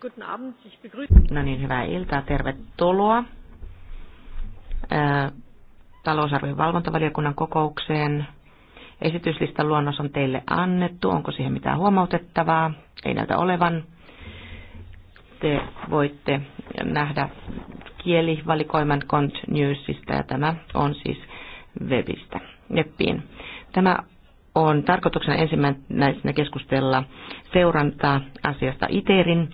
Guten Abend, ich begrüße... No niin, hyvää iltaa, tervetuloa talousarvion valvontavaliokunnan kokoukseen. Esityslistan luonnos on teille annettu. Onko siihen mitään huomautettavaa? Ei näytä olevan. Te voitte nähdä kielivalikoiman Cont Newsista ja tämä on siis webistä, neppiin. Tämä on tarkoituksena ensimmäisenä keskustella seurantaa asiasta ITERin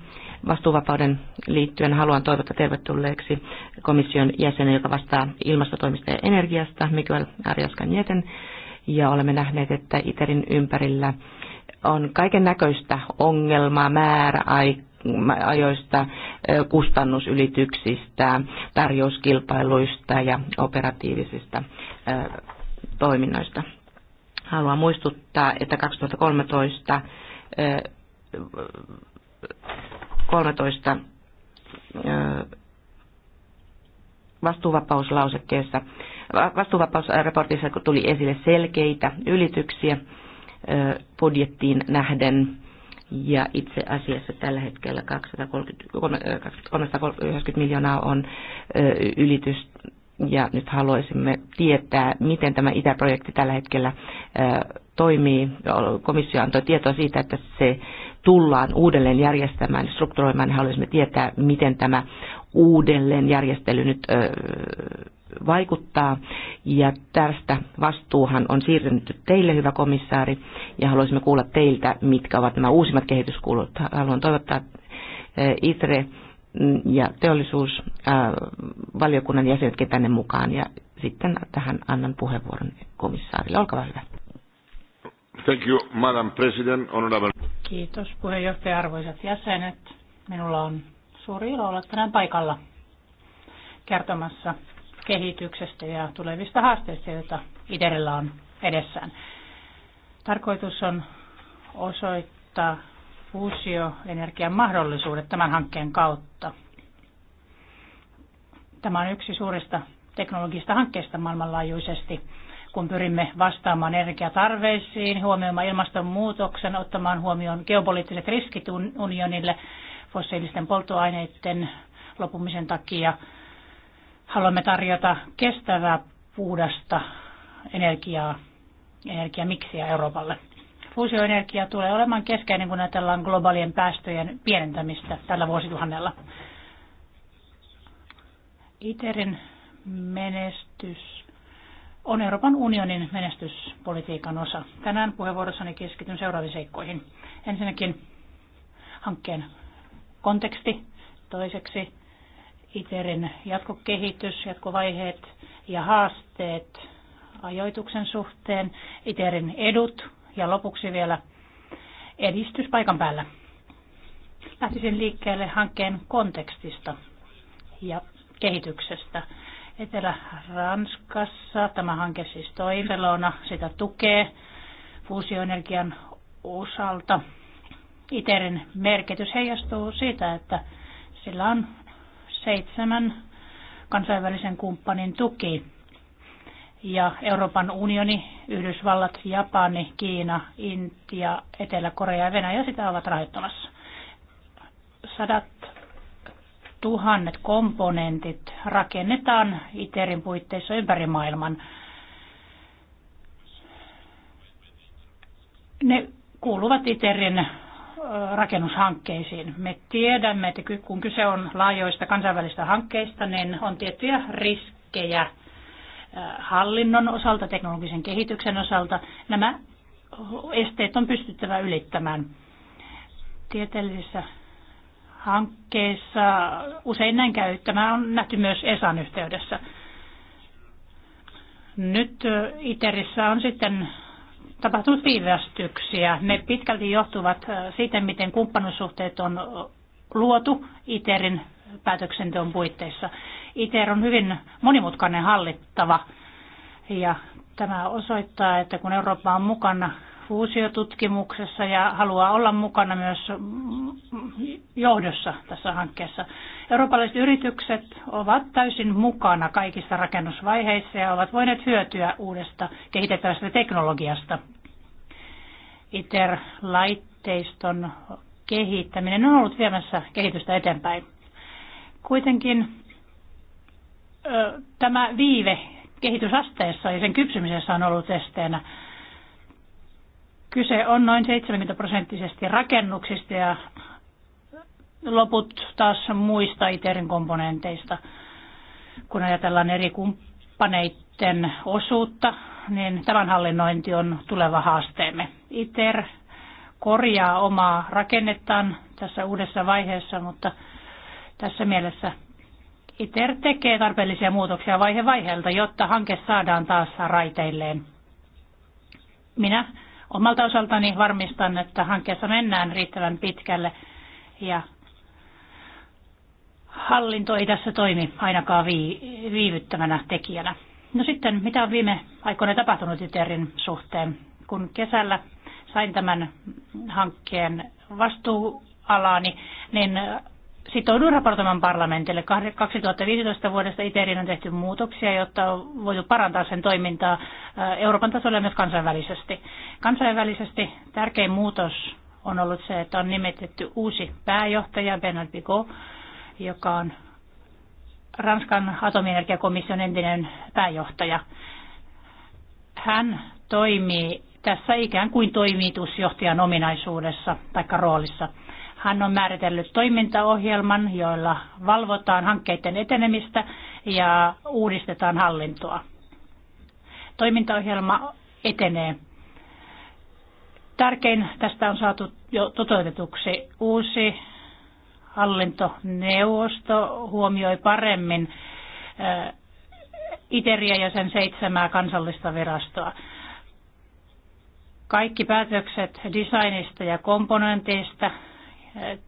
vastuuvapauden liittyen haluan toivottaa tervetulleeksi komission jäsenen, joka vastaa ilmastotoimista ja energiasta, Mikael Arias Nieten. Ja olemme nähneet, että ITERin ympärillä on kaiken näköistä ongelmaa, ajoista, kustannusylityksistä, tarjouskilpailuista ja operatiivisista toiminnoista. Haluan muistuttaa, että 2013 13 vastuuvapauslausekkeessa, vastuuvapausraportissa tuli esille selkeitä ylityksiä budjettiin nähden. Ja itse asiassa tällä hetkellä 290 miljoonaa on ylitys. Ja nyt haluaisimme tietää, miten tämä itäprojekti tällä hetkellä toimii. Komissio antoi tietoa siitä, että se tullaan uudelleen järjestämään, strukturoimaan, niin haluaisimme tietää, miten tämä uudelleen järjestely nyt vaikuttaa. Ja tästä vastuuhan on siirtynyt teille, hyvä komissaari, ja haluaisimme kuulla teiltä, mitkä ovat nämä uusimmat kehityskulut. Haluan toivottaa ITRE mm, ja teollisuusvaliokunnan jäsenetkin tänne mukaan, ja sitten tähän annan puheenvuoron komissaarille. Olkaa hyvä. Thank you, Madam President, honorable. Kiitos puheenjohtaja, arvoisat jäsenet. Minulla on suuri ilo olla tänään paikalla kertomassa kehityksestä ja tulevista haasteista, joita IDERillä on edessään. Tarkoitus on osoittaa fuusioenergian mahdollisuudet tämän hankkeen kautta. Tämä on yksi suurista teknologista hankkeista maailmanlaajuisesti kun pyrimme vastaamaan energiatarveisiin, huomioimaan ilmastonmuutoksen, ottamaan huomioon geopoliittiset riskit unionille fossiilisten polttoaineiden lopumisen takia. Haluamme tarjota kestävää, puhdasta energiaa, energiamiksiä Euroopalle. Fuusioenergia tulee olemaan keskeinen, kun ajatellaan globaalien päästöjen pienentämistä tällä vuosituhannella. ITERin menestys on Euroopan unionin menestyspolitiikan osa. Tänään puheenvuorossani keskityn seuraaviin seikkoihin. Ensinnäkin hankkeen konteksti, toiseksi ITERin jatkokehitys, jatkovaiheet ja haasteet ajoituksen suhteen, ITERin edut ja lopuksi vielä edistys paikan päällä. Lähtisin liikkeelle hankkeen kontekstista ja kehityksestä. Etelä-Ranskassa. Tämä hanke siis toivelona, sitä tukee fuusioenergian osalta. ITERin merkitys heijastuu siitä, että sillä on seitsemän kansainvälisen kumppanin tuki. Ja Euroopan unioni, Yhdysvallat, Japani, Kiina, Intia, Etelä-Korea ja Venäjä sitä ovat rahoittamassa. Sadat tuhannet komponentit rakennetaan ITERin puitteissa ympäri maailman. Ne kuuluvat ITERin rakennushankkeisiin. Me tiedämme, että kun kyse on laajoista kansainvälistä hankkeista, niin on tiettyjä riskejä hallinnon osalta, teknologisen kehityksen osalta. Nämä esteet on pystyttävä ylittämään. tieteellisessä hankkeissa usein näin käy. Tämä on nähty myös ESAn yhteydessä. Nyt ITERissä on sitten tapahtunut viivästyksiä. Ne pitkälti johtuvat siitä, miten kumppanuussuhteet on luotu ITERin päätöksenteon puitteissa. ITER on hyvin monimutkainen hallittava ja tämä osoittaa, että kun Eurooppa on mukana fuusiotutkimuksessa ja haluaa olla mukana myös johdossa tässä hankkeessa. Eurooppalaiset yritykset ovat täysin mukana kaikissa rakennusvaiheissa ja ovat voineet hyötyä uudesta kehitettävästä teknologiasta. ITER-laitteiston kehittäminen on ollut viemässä kehitystä eteenpäin. Kuitenkin tämä viive kehitysasteessa ja sen kypsymisessä on ollut esteenä. Kyse on noin 70 prosenttisesti rakennuksista ja loput taas muista ITERin komponenteista. Kun ajatellaan eri kumppaneiden osuutta, niin tämän hallinnointi on tuleva haasteemme. ITER korjaa omaa rakennettaan tässä uudessa vaiheessa, mutta tässä mielessä ITER tekee tarpeellisia muutoksia vaihe vaiheelta, jotta hanke saadaan taas raiteilleen. Minä omalta osaltani varmistan, että hankkeessa mennään riittävän pitkälle ja hallinto ei tässä toimi ainakaan vii- viivyttävänä tekijänä. No sitten, mitä on viime aikoina tapahtunut ITERin suhteen? Kun kesällä sain tämän hankkeen vastuualaani, niin sitouduin raportoimaan parlamentille. 2015 vuodesta ITERin on tehty muutoksia, jotta on voitu parantaa sen toimintaa Euroopan tasolla ja myös kansainvälisesti. Kansainvälisesti tärkein muutos on ollut se, että on nimetetty uusi pääjohtaja Bernard Bigot, joka on Ranskan atomienergiakomission entinen pääjohtaja. Hän toimii tässä ikään kuin toimitusjohtajan ominaisuudessa tai roolissa – hän on määritellyt toimintaohjelman, joilla valvotaan hankkeiden etenemistä ja uudistetaan hallintoa. Toimintaohjelma etenee. Tärkein tästä on saatu jo toteutetuksi uusi hallintoneuvosto huomioi paremmin eh, Iteriä ja sen seitsemää kansallista virastoa. Kaikki päätökset designista ja komponenteista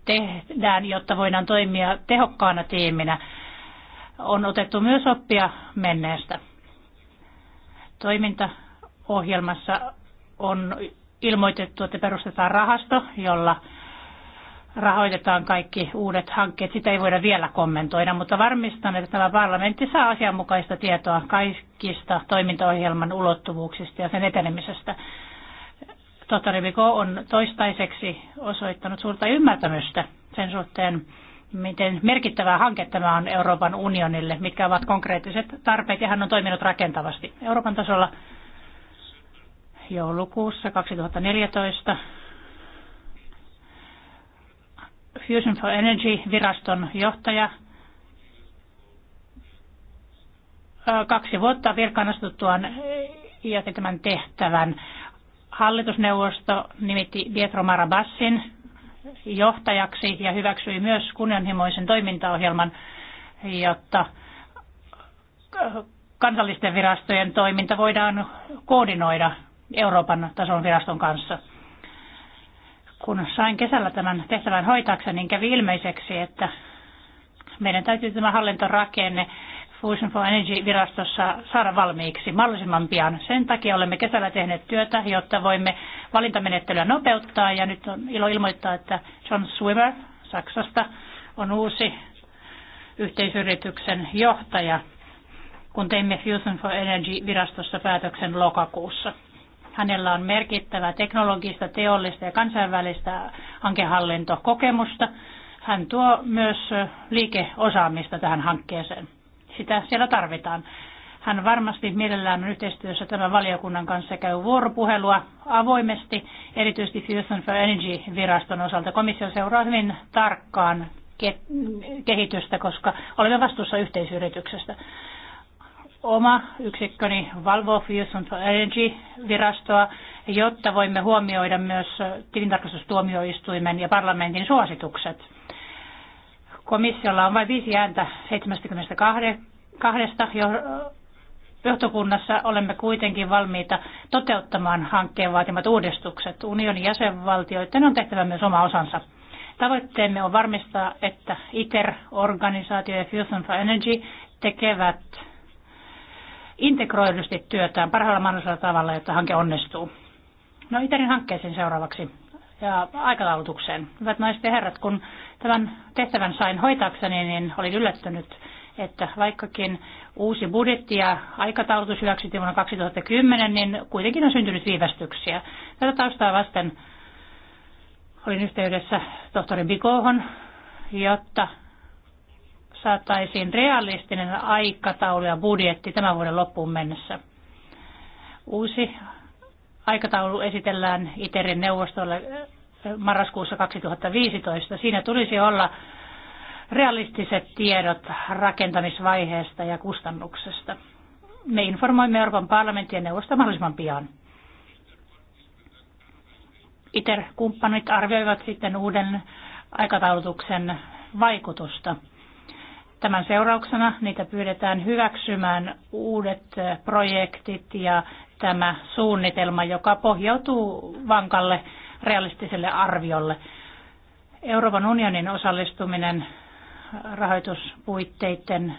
tehdään, jotta voidaan toimia tehokkaana tiiminä, on otettu myös oppia menneestä. Toimintaohjelmassa on ilmoitettu, että perustetaan rahasto, jolla rahoitetaan kaikki uudet hankkeet. Sitä ei voida vielä kommentoida, mutta varmistan, että tämä parlamentti saa asianmukaista tietoa kaikista toimintaohjelman ulottuvuuksista ja sen etenemisestä. Tohtori Viko on toistaiseksi osoittanut suurta ymmärtämystä sen suhteen, miten merkittävä hanke tämä on Euroopan unionille, mitkä ovat konkreettiset tarpeet, ja hän on toiminut rakentavasti Euroopan tasolla joulukuussa 2014 Fusion for Energy-viraston johtaja. Kaksi vuotta virkaan astuttuaan ja tämän tehtävän. Hallitusneuvosto nimitti Pietro Marabassin johtajaksi ja hyväksyi myös kunnianhimoisen toimintaohjelman, jotta kansallisten virastojen toiminta voidaan koordinoida Euroopan tason viraston kanssa. Kun sain kesällä tämän tehtävän hoitaakseni, niin kävi ilmeiseksi, että meidän täytyy tämä hallintorakenne Fusion for Energy-virastossa saada valmiiksi mahdollisimman pian. Sen takia olemme kesällä tehneet työtä, jotta voimme valintamenettelyä nopeuttaa. Ja nyt on ilo ilmoittaa, että John Swimmer Saksasta on uusi yhteisyrityksen johtaja, kun teimme Fusion for Energy-virastossa päätöksen lokakuussa. Hänellä on merkittävää teknologista, teollista ja kansainvälistä hankehallintokokemusta. Hän tuo myös liikeosaamista tähän hankkeeseen sitä siellä tarvitaan. Hän varmasti mielellään on yhteistyössä tämän valiokunnan kanssa käy vuoropuhelua avoimesti, erityisesti Fusion for Energy-viraston osalta. Komissio seuraa hyvin tarkkaan kehitystä, koska olemme vastuussa yhteisyrityksestä. Oma yksikköni valvoo Fusion for Energy-virastoa, jotta voimme huomioida myös tilintarkastustuomioistuimen ja parlamentin suositukset Komissiolla on vain viisi ääntä 72 johtokunnassa olemme kuitenkin valmiita toteuttamaan hankkeen vaatimat uudistukset. Unionin jäsenvaltioiden on tehtävä myös oma osansa. Tavoitteemme on varmistaa, että ITER-organisaatio ja Fusion for Energy tekevät integroidusti työtään parhaalla mahdollisella tavalla, jotta hanke onnistuu. No ITERin hankkeeseen seuraavaksi ja aikataulutukseen. Hyvät naiset ja herrat, kun tämän tehtävän sain hoitaakseni, niin olin yllättynyt, että vaikkakin uusi budjetti ja aikataulutus hyväksyttiin vuonna 2010, niin kuitenkin on syntynyt viivästyksiä. Tätä taustaa vasten olin yhteydessä tohtori Bikohon, jotta saataisiin realistinen aikataulu ja budjetti tämän vuoden loppuun mennessä. Uusi Aikataulu esitellään ITERin neuvostolle eh, marraskuussa 2015. Siinä tulisi olla realistiset tiedot rakentamisvaiheesta ja kustannuksesta. Me informoimme Euroopan parlamentin ja neuvosta mahdollisimman pian. ITER-kumppanit arvioivat sitten uuden aikataulutuksen vaikutusta. Tämän seurauksena niitä pyydetään hyväksymään uudet projektit ja tämä suunnitelma, joka pohjautuu vankalle realistiselle arviolle. Euroopan unionin osallistuminen rahoituspuitteiden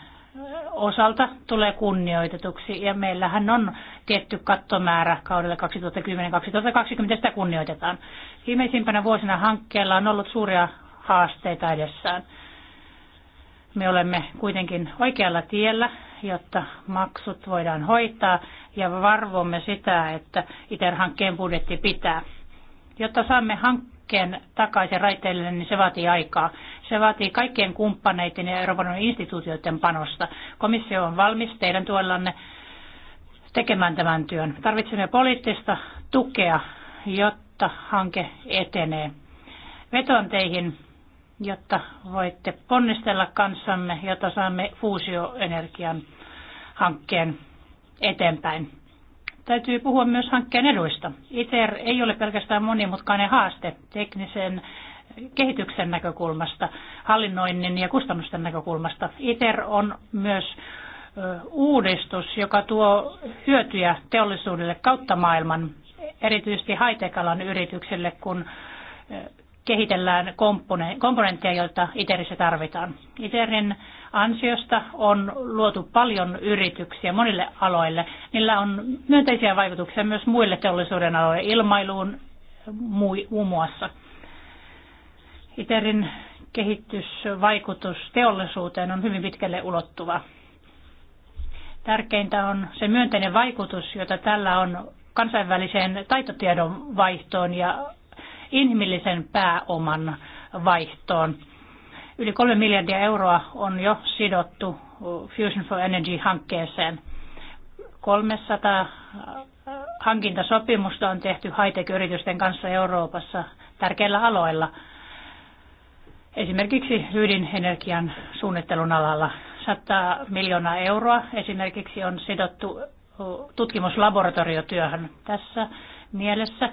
osalta tulee kunnioitetuksi ja meillähän on tietty kattomäärä kaudelle 2010-2020, sitä kunnioitetaan. Viimeisimpänä vuosina hankkeella on ollut suuria haasteita edessään. Me olemme kuitenkin oikealla tiellä, jotta maksut voidaan hoitaa ja varvomme sitä, että ITER-hankkeen budjetti pitää. Jotta saamme hankkeen takaisin raiteille, niin se vaatii aikaa. Se vaatii kaikkien kumppaneiden ja Euroopan instituutioiden panosta. Komissio on valmis teidän tuellanne tekemään tämän työn. Tarvitsemme poliittista tukea, jotta hanke etenee. Vetoan teihin jotta voitte ponnistella kanssamme, jotta saamme fuusioenergian hankkeen eteenpäin. Täytyy puhua myös hankkeen eduista. ITER ei ole pelkästään monimutkainen haaste teknisen kehityksen näkökulmasta, hallinnoinnin ja kustannusten näkökulmasta. ITER on myös uudistus, joka tuo hyötyjä teollisuudelle kautta maailman, erityisesti haitekalan yrityksille, kun kehitellään komponentteja, joita ITERissä tarvitaan. ITERin ansiosta on luotu paljon yrityksiä monille aloille. Niillä on myönteisiä vaikutuksia myös muille teollisuuden aloille, ilmailuun muun muassa. ITERin kehitysvaikutus teollisuuteen on hyvin pitkälle ulottuva. Tärkeintä on se myönteinen vaikutus, jota tällä on kansainväliseen taitotiedon vaihtoon ja inhimillisen pääoman vaihtoon. Yli kolme miljardia euroa on jo sidottu Fusion for Energy-hankkeeseen. 300 äh, hankintasopimusta on tehty high-tech-yritysten kanssa Euroopassa tärkeillä aloilla. Esimerkiksi ydinenergian suunnittelun alalla 100 miljoonaa euroa esimerkiksi on sidottu äh, tutkimuslaboratoriotyöhön. Tässä mielessä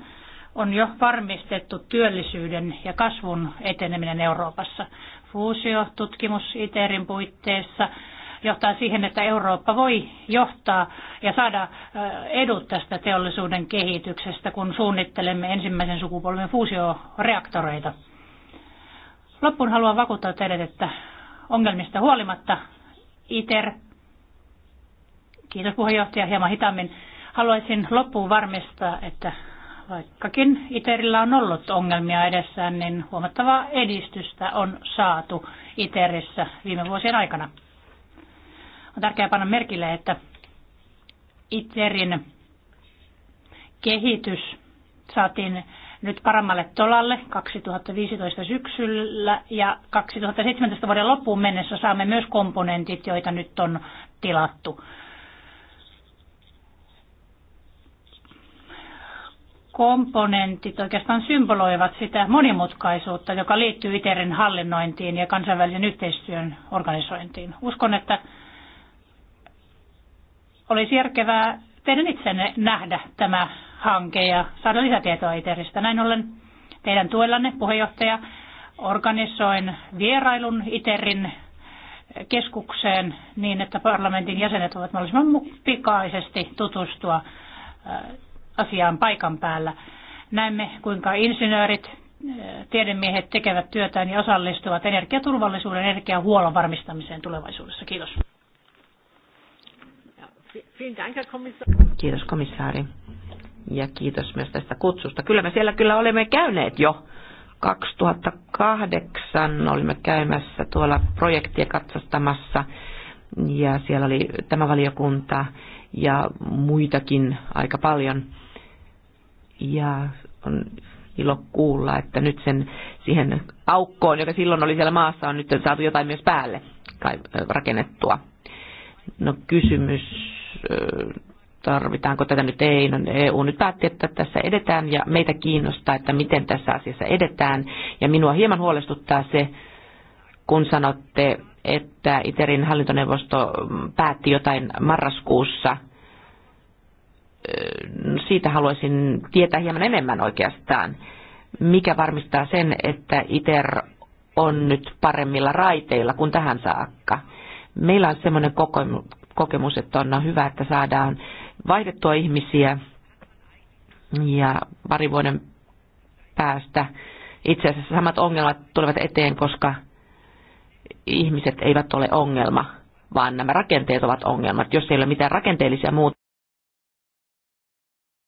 on jo varmistettu työllisyyden ja kasvun eteneminen Euroopassa. Fuusio tutkimus ITERin puitteissa johtaa siihen, että Eurooppa voi johtaa ja saada edut tästä teollisuuden kehityksestä, kun suunnittelemme ensimmäisen sukupolven fuusioreaktoreita. Loppuun haluan vakuuttaa teidät, että ongelmista huolimatta ITER, kiitos puheenjohtaja hieman hitaammin, haluaisin loppuun varmistaa, että Vaikkakin ITERillä on ollut ongelmia edessään, niin huomattavaa edistystä on saatu ITERissä viime vuosien aikana. On tärkeää panna merkille, että ITERin kehitys saatiin nyt paremmalle tolalle 2015 syksyllä ja 2017 vuoden loppuun mennessä saamme myös komponentit, joita nyt on tilattu. komponentit oikeastaan symboloivat sitä monimutkaisuutta, joka liittyy ITERin hallinnointiin ja kansainvälisen yhteistyön organisointiin. Uskon, että olisi järkevää teidän itsenne nähdä tämä hanke ja saada lisätietoa ITERistä. Näin ollen teidän tuellanne, puheenjohtaja, organisoin vierailun ITERin keskukseen niin, että parlamentin jäsenet voivat mahdollisimman pikaisesti tutustua äh, asiaan paikan päällä. Näemme, kuinka insinöörit, eh, tiedemiehet tekevät työtään ja osallistuvat energiaturvallisuuden ja energiahuollon varmistamiseen tulevaisuudessa. Kiitos. Kiitos komissaari. Ja kiitos myös tästä kutsusta. Kyllä me siellä kyllä olemme käyneet jo. 2008 olimme käymässä tuolla projektia katsastamassa ja siellä oli tämä valiokunta ja muitakin aika paljon ja on ilo kuulla, että nyt sen siihen aukkoon, joka silloin oli siellä maassa, on nyt saatu jotain myös päälle rakennettua. No kysymys, tarvitaanko tätä nyt ei, no EU nyt päätti, että tässä edetään ja meitä kiinnostaa, että miten tässä asiassa edetään. Ja minua hieman huolestuttaa se, kun sanotte, että ITERin hallintoneuvosto mm, päätti jotain marraskuussa, Äh, siitä haluaisin tietää hieman enemmän oikeastaan. Mikä varmistaa sen, että ITER on nyt paremmilla raiteilla kuin tähän saakka? Meillä on semmoinen kokemus, että on hyvä, että saadaan vaihdettua ihmisiä ja pari vuoden päästä itse asiassa samat ongelmat tulevat eteen, koska ihmiset eivät ole ongelma, vaan nämä rakenteet ovat ongelmat. Jos ei ole mitään rakenteellisia muuta,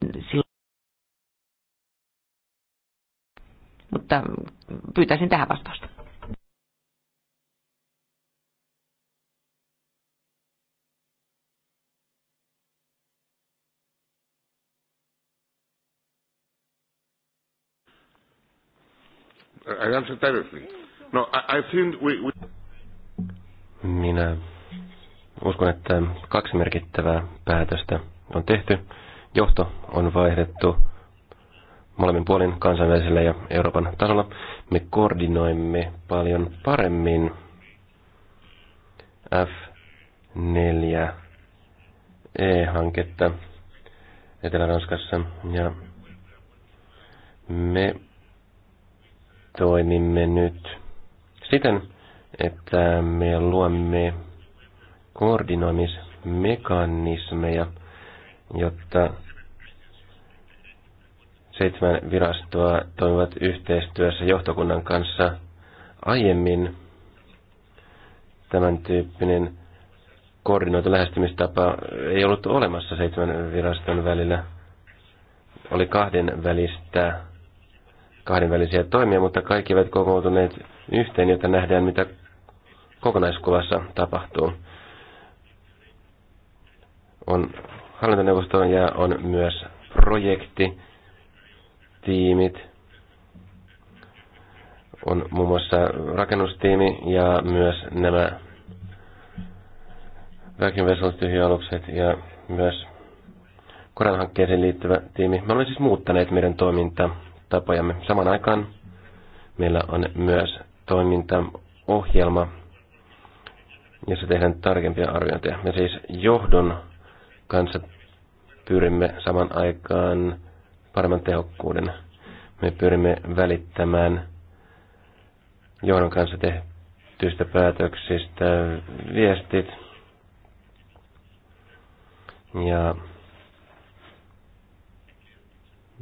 silloin. Mutta pyytäisin tähän vastausta. I answered everything. No, I, I think we, we... Minä uskon, että kaksi merkittävää päätöstä on tehty. Johto on vaihdettu molemmin puolin kansainvälisellä ja Euroopan tasolla. Me koordinoimme paljon paremmin F4 E-hanketta Etelä-Ranskassa ja me toimimme nyt siten, että me luomme koordinoimismekanismeja – jotta seitsemän virastoa toimivat yhteistyössä johtokunnan kanssa aiemmin tämän tyyppinen koordinoitu lähestymistapa ei ollut olemassa seitsemän viraston välillä. Oli kahden välistä, kahden välisiä toimia, mutta kaikki ovat kokoontuneet yhteen, jotta nähdään, mitä kokonaiskuvassa tapahtuu. On hallintoneuvostoon ja on myös projekti, tiimit, on muun muassa rakennustiimi ja myös nämä väkivesoltyhjäalukset ja myös koronahankkeeseen liittyvä tiimi. Me olemme siis muuttaneet meidän toimintatapojamme. Saman aikaan meillä on myös toimintaohjelma, jossa tehdään tarkempia arviointeja. Me siis johdon kanssa pyrimme saman aikaan paremman tehokkuuden. Me pyrimme välittämään johdon kanssa tehtyistä päätöksistä viestit. Ja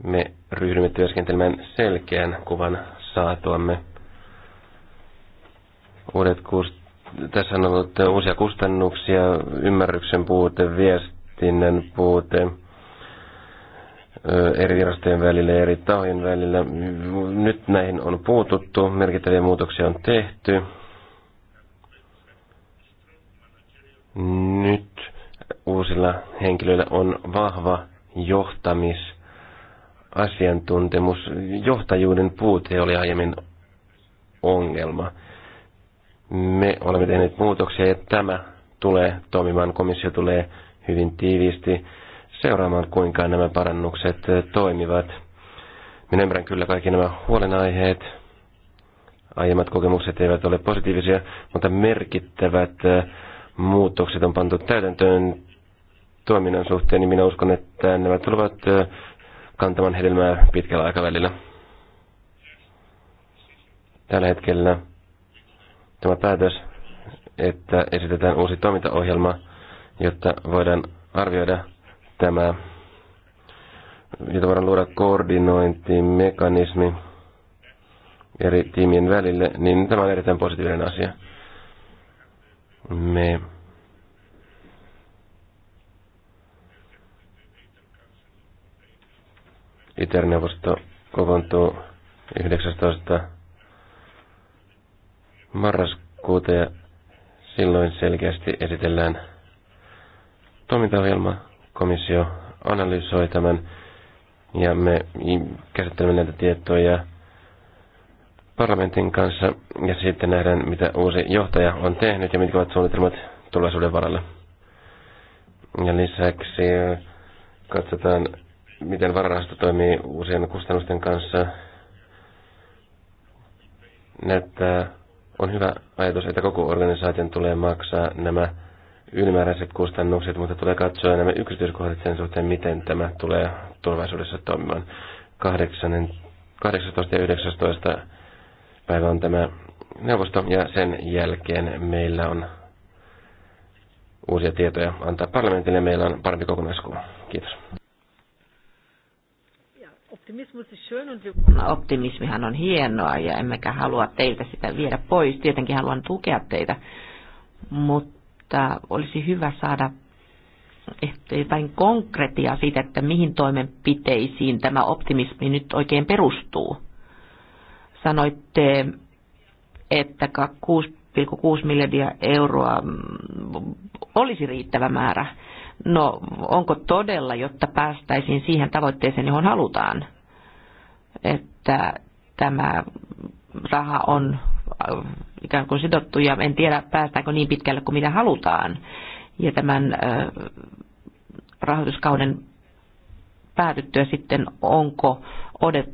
me ryhdymme työskentelemään selkeän kuvan saatuamme. Uudet kust- Tässä on ollut uusia kustannuksia, ymmärryksen puute, viesti viestinnän puute eri virastojen välillä ja eri tahojen välillä. Nyt näihin on puututtu, merkittäviä muutoksia on tehty. Nyt uusilla henkilöillä on vahva johtamisasiantuntemus. Johtajuuden puute oli aiemmin ongelma. Me olemme tehneet muutoksia ja tämä tulee toimimaan. Komissio tulee hyvin tiiviisti seuraamaan, kuinka nämä parannukset toimivat. Minä ymmärrän kyllä kaikki nämä huolenaiheet. Aiemmat kokemukset eivät ole positiivisia, mutta merkittävät äh, muutokset on pantu täytäntöön toiminnan suhteen, niin minä uskon, että nämä tulevat äh, kantamaan hedelmää pitkällä aikavälillä. Tällä hetkellä tämä päätös, että esitetään uusi toimintaohjelma, jotta voidaan arvioida tämä, jotta voidaan luoda koordinointimekanismi eri tiimien välille, niin tämä on erittäin positiivinen asia. Me Iterneuvosto kokoontuu 19. marraskuuta ja silloin selkeästi esitellään toimintaohjelma. Komissio analysoi tämän ja me käsittelemme näitä tietoja parlamentin kanssa ja sitten nähdään, mitä uusi johtaja on tehnyt ja mitkä ovat suunnitelmat tulevaisuuden varalle. Ja lisäksi katsotaan, miten vararahasto toimii uusien kustannusten kanssa. Näyttää, on hyvä ajatus, että koko organisaation tulee maksaa nämä ylimääräiset kustannukset, mutta tulee katsoa nämä yksityiskohdat sen suhteen, miten tämä tulee tulevaisuudessa toimimaan. 18 ja 19 päivä on tämä neuvosto ja sen jälkeen meillä on uusia tietoja antaa parlamentille. Meillä on parempi kokonaiskuva. Kiitos. Siis Optimismihan on hienoa ja emmekä halua teiltä sitä viedä pois. Tietenkin haluan tukea teitä, mutta että olisi hyvä saada että jotain konkretia siitä, että mihin toimenpiteisiin tämä optimismi nyt oikein perustuu. Sanoitte, että 6,6 miljardia euroa mm, olisi riittävä määrä. No, onko todella, jotta päästäisiin siihen tavoitteeseen, johon halutaan, että tämä raha on äh, ikään kuin sidottu ja en tiedä päästäänkö niin pitkälle kuin mitä halutaan. Ja tämän rahoituskauden päätyttyä sitten, onko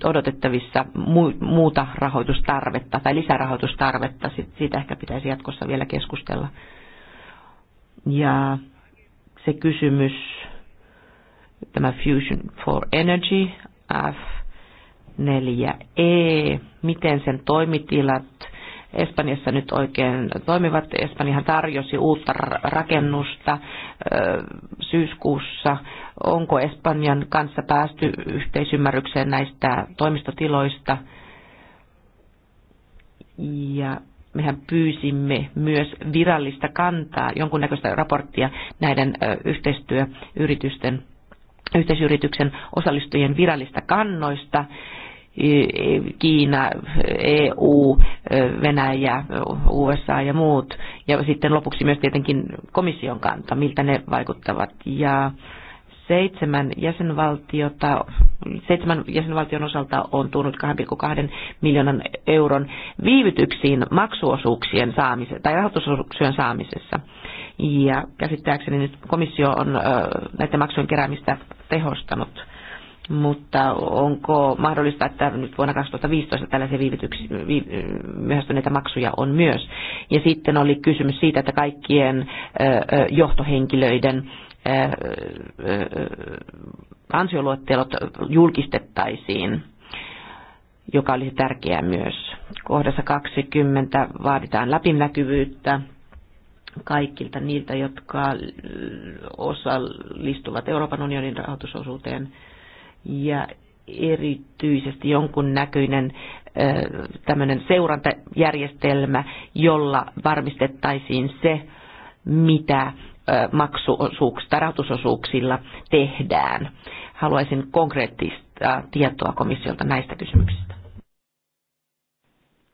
odotettavissa muuta rahoitustarvetta tai lisärahoitustarvetta. Siitä ehkä pitäisi jatkossa vielä keskustella. Ja se kysymys, tämä Fusion for Energy, F4E, miten sen toimitilat Espanjassa nyt oikein toimivat. Espanjahan tarjosi uutta rakennusta syyskuussa. Onko Espanjan kanssa päästy yhteisymmärrykseen näistä toimistotiloista? Ja mehän pyysimme myös virallista kantaa, jonkunnäköistä raporttia näiden yhteistyöyritysten yhteisyrityksen osallistujien virallista kannoista Kiina, EU, e, Venäjä, USA ja muut. Ja sitten lopuksi myös tietenkin komission kanta, miltä ne vaikuttavat. Ja seitsemän jäsenvaltiota, seitsemän jäsenvaltion osalta on tullut 2,2 miljoonan euron viivytyksiin maksuosuuksien saamisessa tai rahoitusosuuksien saamisessa. Ja käsittääkseni nyt komissio on näiden maksujen keräämistä tehostanut mutta onko mahdollista, että nyt vuonna 2015 tällaisia viivytyksi, vi, myöhästyneitä maksuja on myös. Ja sitten oli kysymys siitä, että kaikkien ö, johtohenkilöiden ö, ö, ansioluettelot julkistettaisiin joka olisi tärkeää myös. Kohdassa 20 vaaditaan läpinäkyvyyttä kaikilta niiltä, jotka osallistuvat Euroopan unionin rahoitusosuuteen ja erityisesti jonkun näköinen tämmöinen seurantajärjestelmä, jolla varmistettaisiin se, mitä maksuosuuksilla, rahoitusosuuksilla tehdään. Haluaisin konkreettista tietoa komissiolta näistä kysymyksistä.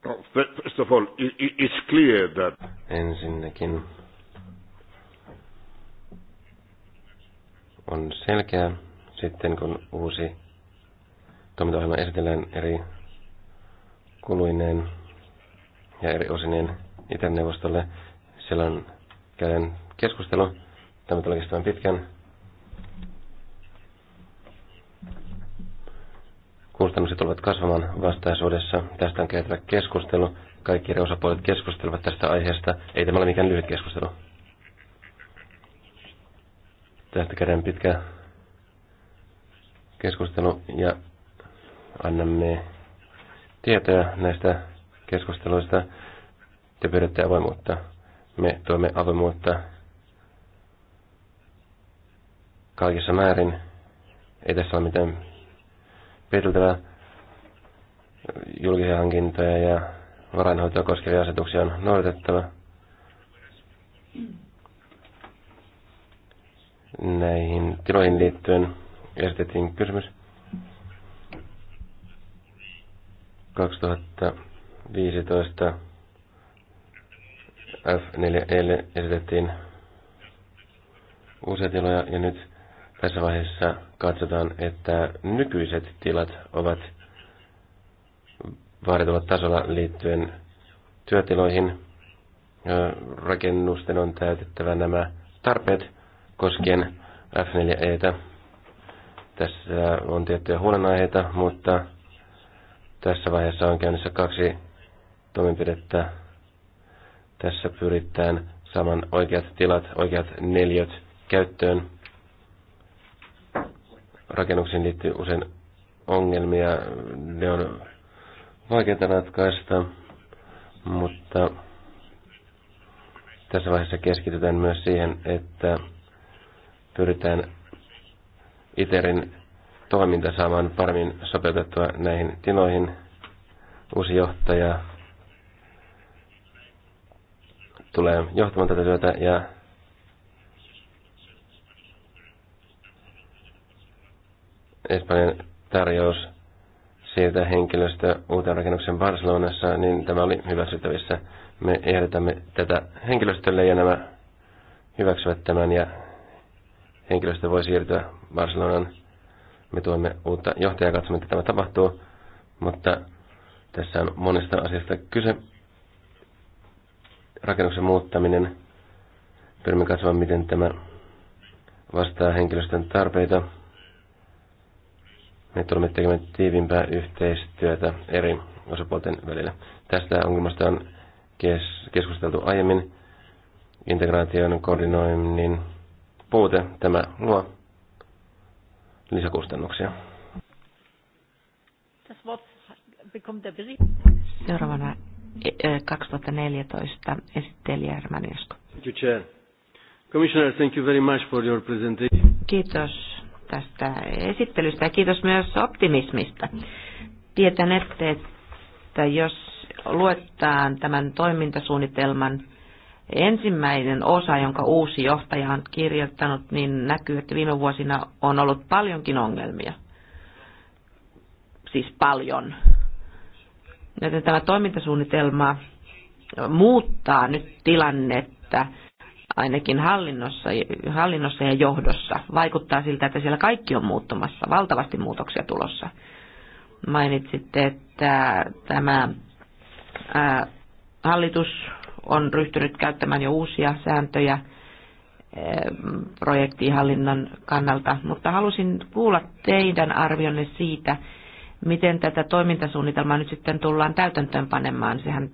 No, first of all, it's clear that... Ensinnäkin on selkeää, sitten, kun uusi toimintaohjelma esitellään eri kuluineen ja eri osineen Itäneuvostolle. Siellä on käden keskustelu. Tämä tulee kestämään pitkän. Kustannukset tulevat kasvamaan vastaisuudessa. Tästä on käytävä keskustelu. Kaikki eri osapuolet keskustelevat tästä aiheesta. Ei tämä ole mikään lyhyt keskustelu. Tästä käydään pitkä keskustelu ja annamme tietoja näistä keskusteluista. Te pyydätte avoimuutta. Me tuomme avoimuutta kaikissa määrin. Ei tässä ole mitään peiteltävää julkisia hankintoja ja varainhoitoa koskevia asetuksia on noudatettava. Näihin tiloihin liittyen esitettiin kysymys. 2015 F4L esitettiin uusia tiloja ja nyt tässä vaiheessa katsotaan, että nykyiset tilat ovat vaaditulla tasolla liittyen työtiloihin. Rakennusten on täytettävä nämä tarpeet koskien f 4 e tässä on tiettyjä huolenaiheita, mutta tässä vaiheessa on käynnissä kaksi toimenpidettä. Tässä pyritään saman oikeat tilat, oikeat neljöt käyttöön. Rakennuksiin liittyy usein ongelmia. Ne on vaikeita ratkaista, mutta tässä vaiheessa keskitytään myös siihen, että pyritään ITERin toiminta saamaan paremmin sopeutettua näihin tiloihin. Uusi johtaja tulee johtamaan tätä työtä ja Espanjan tarjous siitä henkilöstä uuteen rakennuksen Barcelonassa, niin tämä oli hyväksyttävissä. Me ehdotamme tätä henkilöstölle ja nämä hyväksyvät tämän ja henkilöstö voi siirtyä Barcelonan. Me tuemme uutta johtajaa, katsomaan, että tämä tapahtuu, mutta tässä on monesta asiasta kyse. Rakennuksen muuttaminen, pyrimme katsomaan, miten tämä vastaa henkilöstön tarpeita. Me tulemme tekemään tiivimpää yhteistyötä eri osapuolten välillä. Tästä ongelmasta on keskusteltu aiemmin integraation koordinoinnin puute. Tämä luo lisäkustannuksia. Seuraavana 2014 e, e, esittelijä Herman Irsko. Commissioner, thank you very much for your presentation. Kiitos tästä esittelystä ja kiitos myös optimismista. Tietän, että jos luetaan tämän toimintasuunnitelman ensimmäinen osa, jonka uusi johtaja on kirjoittanut, niin näkyy, että viime vuosina on ollut paljonkin ongelmia. Siis paljon. Joten tämä toimintasuunnitelma muuttaa nyt tilannetta ainakin hallinnossa, hallinnossa ja johdossa. Vaikuttaa siltä, että siellä kaikki on muuttumassa, valtavasti muutoksia tulossa. Mainitsitte, että tämä ää, hallitus on ryhtynyt käyttämään jo uusia sääntöjä eh, projektihallinnan kannalta, mutta halusin kuulla teidän arvionne siitä, miten tätä toimintasuunnitelmaa nyt sitten tullaan täytäntöön panemaan. Sehän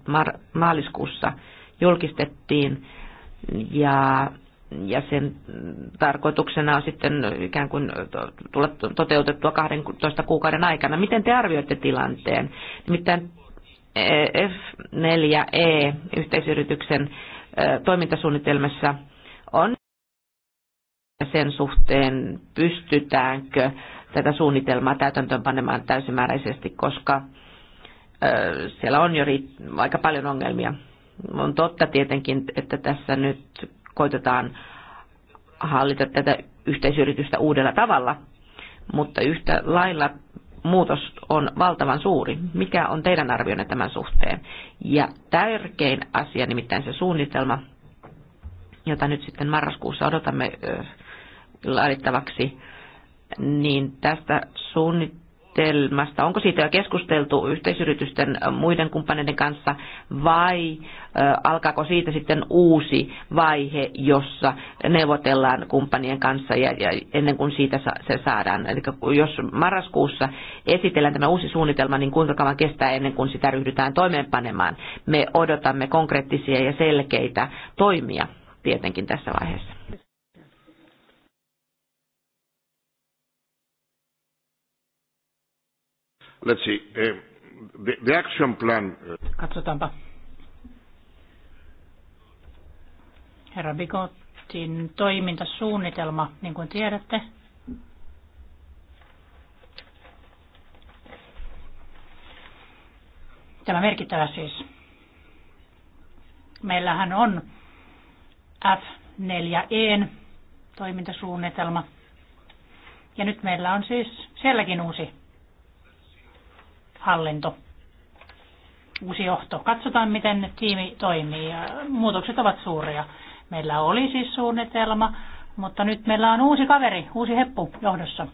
maaliskuussa julkistettiin ja, ja sen tarkoituksena on sitten ikään kuin tulla toteutettua 12 kuukauden aikana. Miten te arvioitte tilanteen? Nimittäin F4E yhteisyrityksen toimintasuunnitelmassa on sen suhteen, pystytäänkö tätä suunnitelmaa täytäntöönpanemaan täysimääräisesti, koska siellä on jo aika paljon ongelmia. On totta tietenkin, että tässä nyt koitetaan hallita tätä yhteisyritystä uudella tavalla, mutta yhtä lailla muutos on valtavan suuri. Mikä on teidän arvionne tämän suhteen? Ja tärkein asia, nimittäin se suunnitelma, jota nyt sitten marraskuussa odotamme laadittavaksi, niin tästä suunnitelmasta järjestelmästä, onko siitä jo keskusteltu yhteisyritysten muiden kumppaneiden kanssa vai alkaako siitä sitten uusi vaihe, jossa neuvotellaan kumppanien kanssa ja, ja ennen kuin siitä se saadaan. Eli jos marraskuussa esitellään tämä uusi suunnitelma, niin kuinka kauan kestää ennen kuin sitä ryhdytään toimeenpanemaan. Me odotamme konkreettisia ja selkeitä toimia tietenkin tässä vaiheessa. let's see, eh, the, the action plan... Eh. Katsotaanpa. Herra Bigottin toimintasuunnitelma, niin kuin tiedätte, Tämä merkittävä siis. Meillähän on F4E toimintasuunnitelma. Ja nyt meillä on siis sielläkin uusi hallinto, uusi johto. Katsotaan, miten tiimi toimii. Muutokset ovat suuria. Meillä oli siis suunnitelma, mutta nyt meillä on uusi kaveri, uusi heppu johdossa.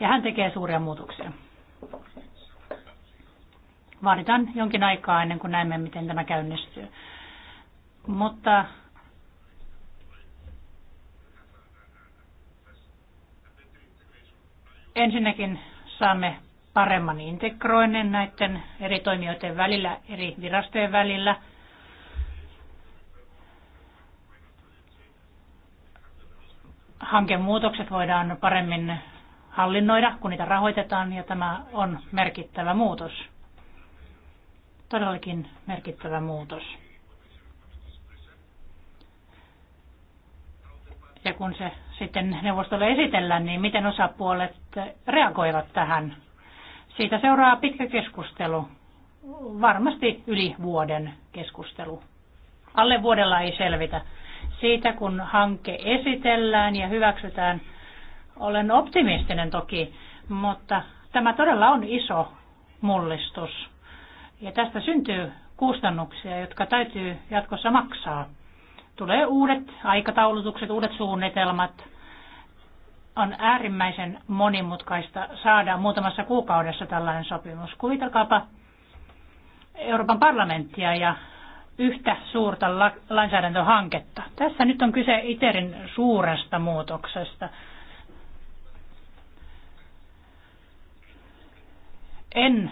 Ja hän tekee suuria muutoksia. Vaaditaan jonkin aikaa ennen kuin näemme, miten tämä käynnistyy. Mutta ensinnäkin saamme paremman integroinnin näiden eri toimijoiden välillä, eri virastojen välillä. Hankemuutokset voidaan paremmin hallinnoida, kun niitä rahoitetaan, ja tämä on merkittävä muutos. Todellakin merkittävä muutos. Ja kun se sitten neuvostolle esitellään, niin miten osapuolet reagoivat tähän? Siitä seuraa pitkä keskustelu, varmasti yli vuoden keskustelu. Alle vuodella ei selvitä. Siitä kun hanke esitellään ja hyväksytään, olen optimistinen toki, mutta tämä todella on iso mullistus. Ja tästä syntyy kustannuksia, jotka täytyy jatkossa maksaa tulee uudet aikataulutukset, uudet suunnitelmat. On äärimmäisen monimutkaista saada muutamassa kuukaudessa tällainen sopimus. Kuvitelkaapa Euroopan parlamenttia ja yhtä suurta lainsäädäntöhanketta. Tässä nyt on kyse ITERin suuresta muutoksesta. En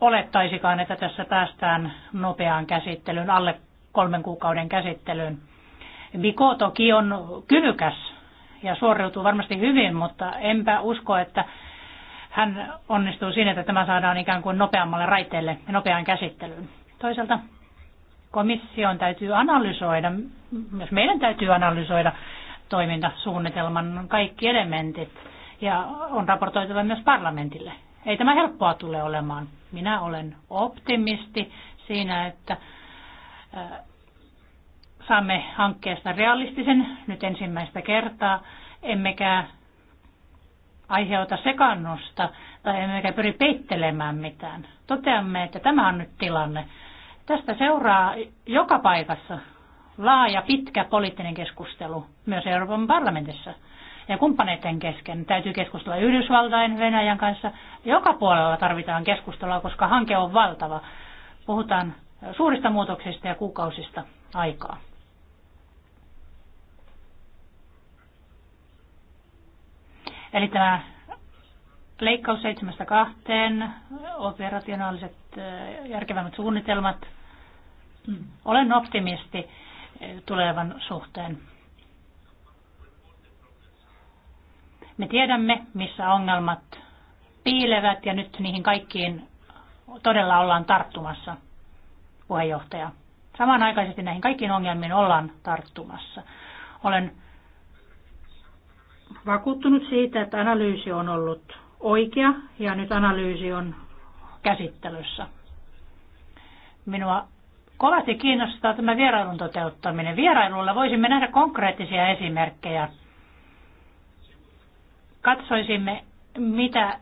olettaisikaan, että tässä päästään nopeaan käsittelyyn alle kolmen kuukauden käsittelyyn. Biko toki on kyvykäs ja suoriutuu varmasti hyvin, mutta enpä usko, että hän onnistuu siinä, että tämä saadaan ikään kuin nopeammalle raiteelle ja nopeaan käsittelyyn. Toisaalta komission täytyy analysoida, myös meidän täytyy analysoida toimintasuunnitelman kaikki elementit ja on raportoitava myös parlamentille. Ei tämä helppoa tule olemaan. Minä olen optimisti siinä, että saamme hankkeesta realistisen nyt ensimmäistä kertaa, emmekä aiheuta sekannusta tai emmekä pyri peittelemään mitään. Toteamme, että tämä on nyt tilanne. Tästä seuraa joka paikassa laaja, pitkä poliittinen keskustelu, myös Euroopan parlamentissa ja kumppaneiden kesken. Täytyy keskustella Yhdysvaltain, Venäjän kanssa. Joka puolella tarvitaan keskustelua, koska hanke on valtava. Puhutaan suurista muutoksista ja kuukausista aikaa. Eli tämä leikkaus 7.2, operationaaliset äh, järkevämmät suunnitelmat. Olen optimisti äh, tulevan suhteen. Me tiedämme, missä ongelmat piilevät ja nyt niihin kaikkiin todella ollaan tarttumassa puheenjohtaja. Samanaikaisesti näihin kaikkiin ongelmiin ollaan tarttumassa. Olen vakuuttunut siitä, että analyysi on ollut oikea ja nyt analyysi on käsittelyssä. Minua kovasti kiinnostaa tämä vierailun toteuttaminen. Vierailulla voisimme nähdä konkreettisia esimerkkejä. Katsoisimme, mitä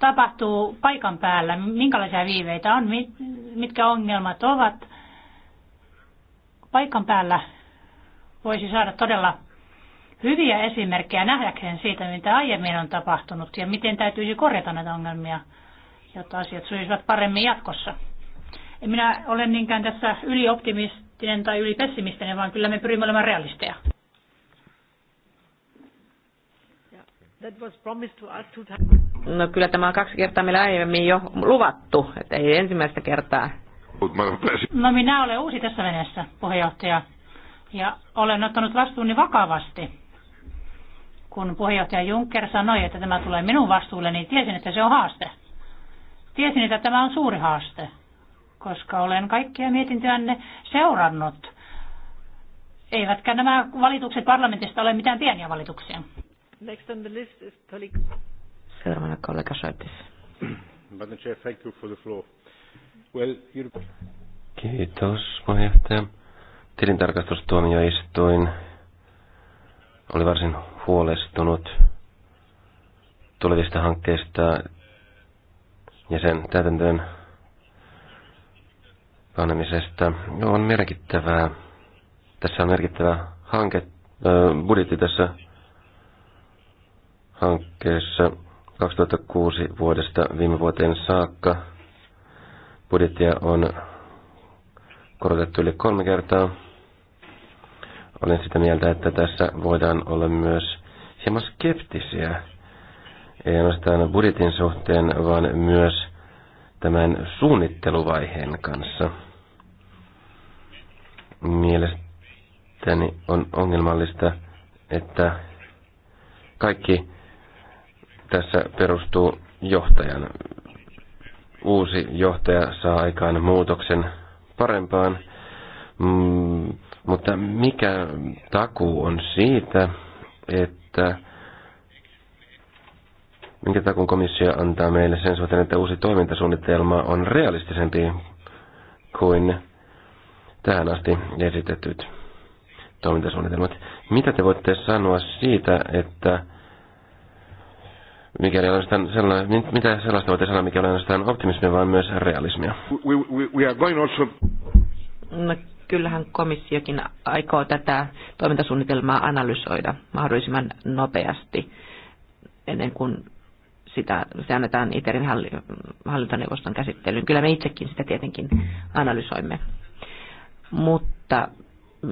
tapahtuu paikan päällä, minkälaisia viiveitä on, mitkä ongelmat ovat. Paikan päällä voisi saada todella hyviä esimerkkejä nähdäkseen siitä, mitä aiemmin on tapahtunut ja miten täytyisi korjata näitä ongelmia, jotta asiat sujuisivat paremmin jatkossa. En minä ole niinkään tässä ylioptimistinen tai ylipessimistinen, vaan kyllä me pyrimme olemaan realisteja. No kyllä tämä on kaksi kertaa meillä aiemmin jo luvattu, että ei ensimmäistä kertaa. No minä olen uusi tässä veneessä, puheenjohtaja, ja olen ottanut vastuuni vakavasti. Kun puheenjohtaja Juncker sanoi, että tämä tulee minun vastuulle, niin tiesin, että se on haaste. Tiesin, että tämä on suuri haaste, koska olen kaikkia mietintöänne seurannut. Eivätkä nämä valitukset parlamentista ole mitään pieniä valituksia. Next on the list is colleague. Seuraavana kollega Schultes. Madam Chair, thank you for the floor. Well, Kiitos, puheenjohtaja. Tilintarkastustuomioistuin oli varsin huolestunut tulevista hankkeista ja sen täytäntöön panemisesta. On merkittävää, tässä on merkittävä hanke, budjetti tässä hankkeessa 2006 vuodesta viime vuoteen saakka. Budjettia on korotettu yli kolme kertaa. Olen sitä mieltä, että tässä voidaan olla myös hieman skeptisiä, ei ainoastaan budjetin suhteen, vaan myös tämän suunnitteluvaiheen kanssa. Mielestäni on ongelmallista, että kaikki tässä perustuu johtajan. Uusi johtaja saa aikaan muutoksen parempaan, mm, mutta mikä takuu on siitä, että minkä takuun komissio antaa meille sen suhteen, että uusi toimintasuunnitelma on realistisempi kuin tähän asti esitetyt toimintasuunnitelmat. Mitä te voitte sanoa siitä, että mikäli ole sellainen, mitä sellaista voitte sanoa, mikä ole ainoastaan optimismia, vaan myös realismia? We, we, we are going also... No, kyllähän komissiokin aikoo tätä toimintasuunnitelmaa analysoida mahdollisimman nopeasti ennen kuin sitä, se annetaan ITERin hallintoneuvoston käsittelyyn. Kyllä me itsekin sitä tietenkin analysoimme. Mutta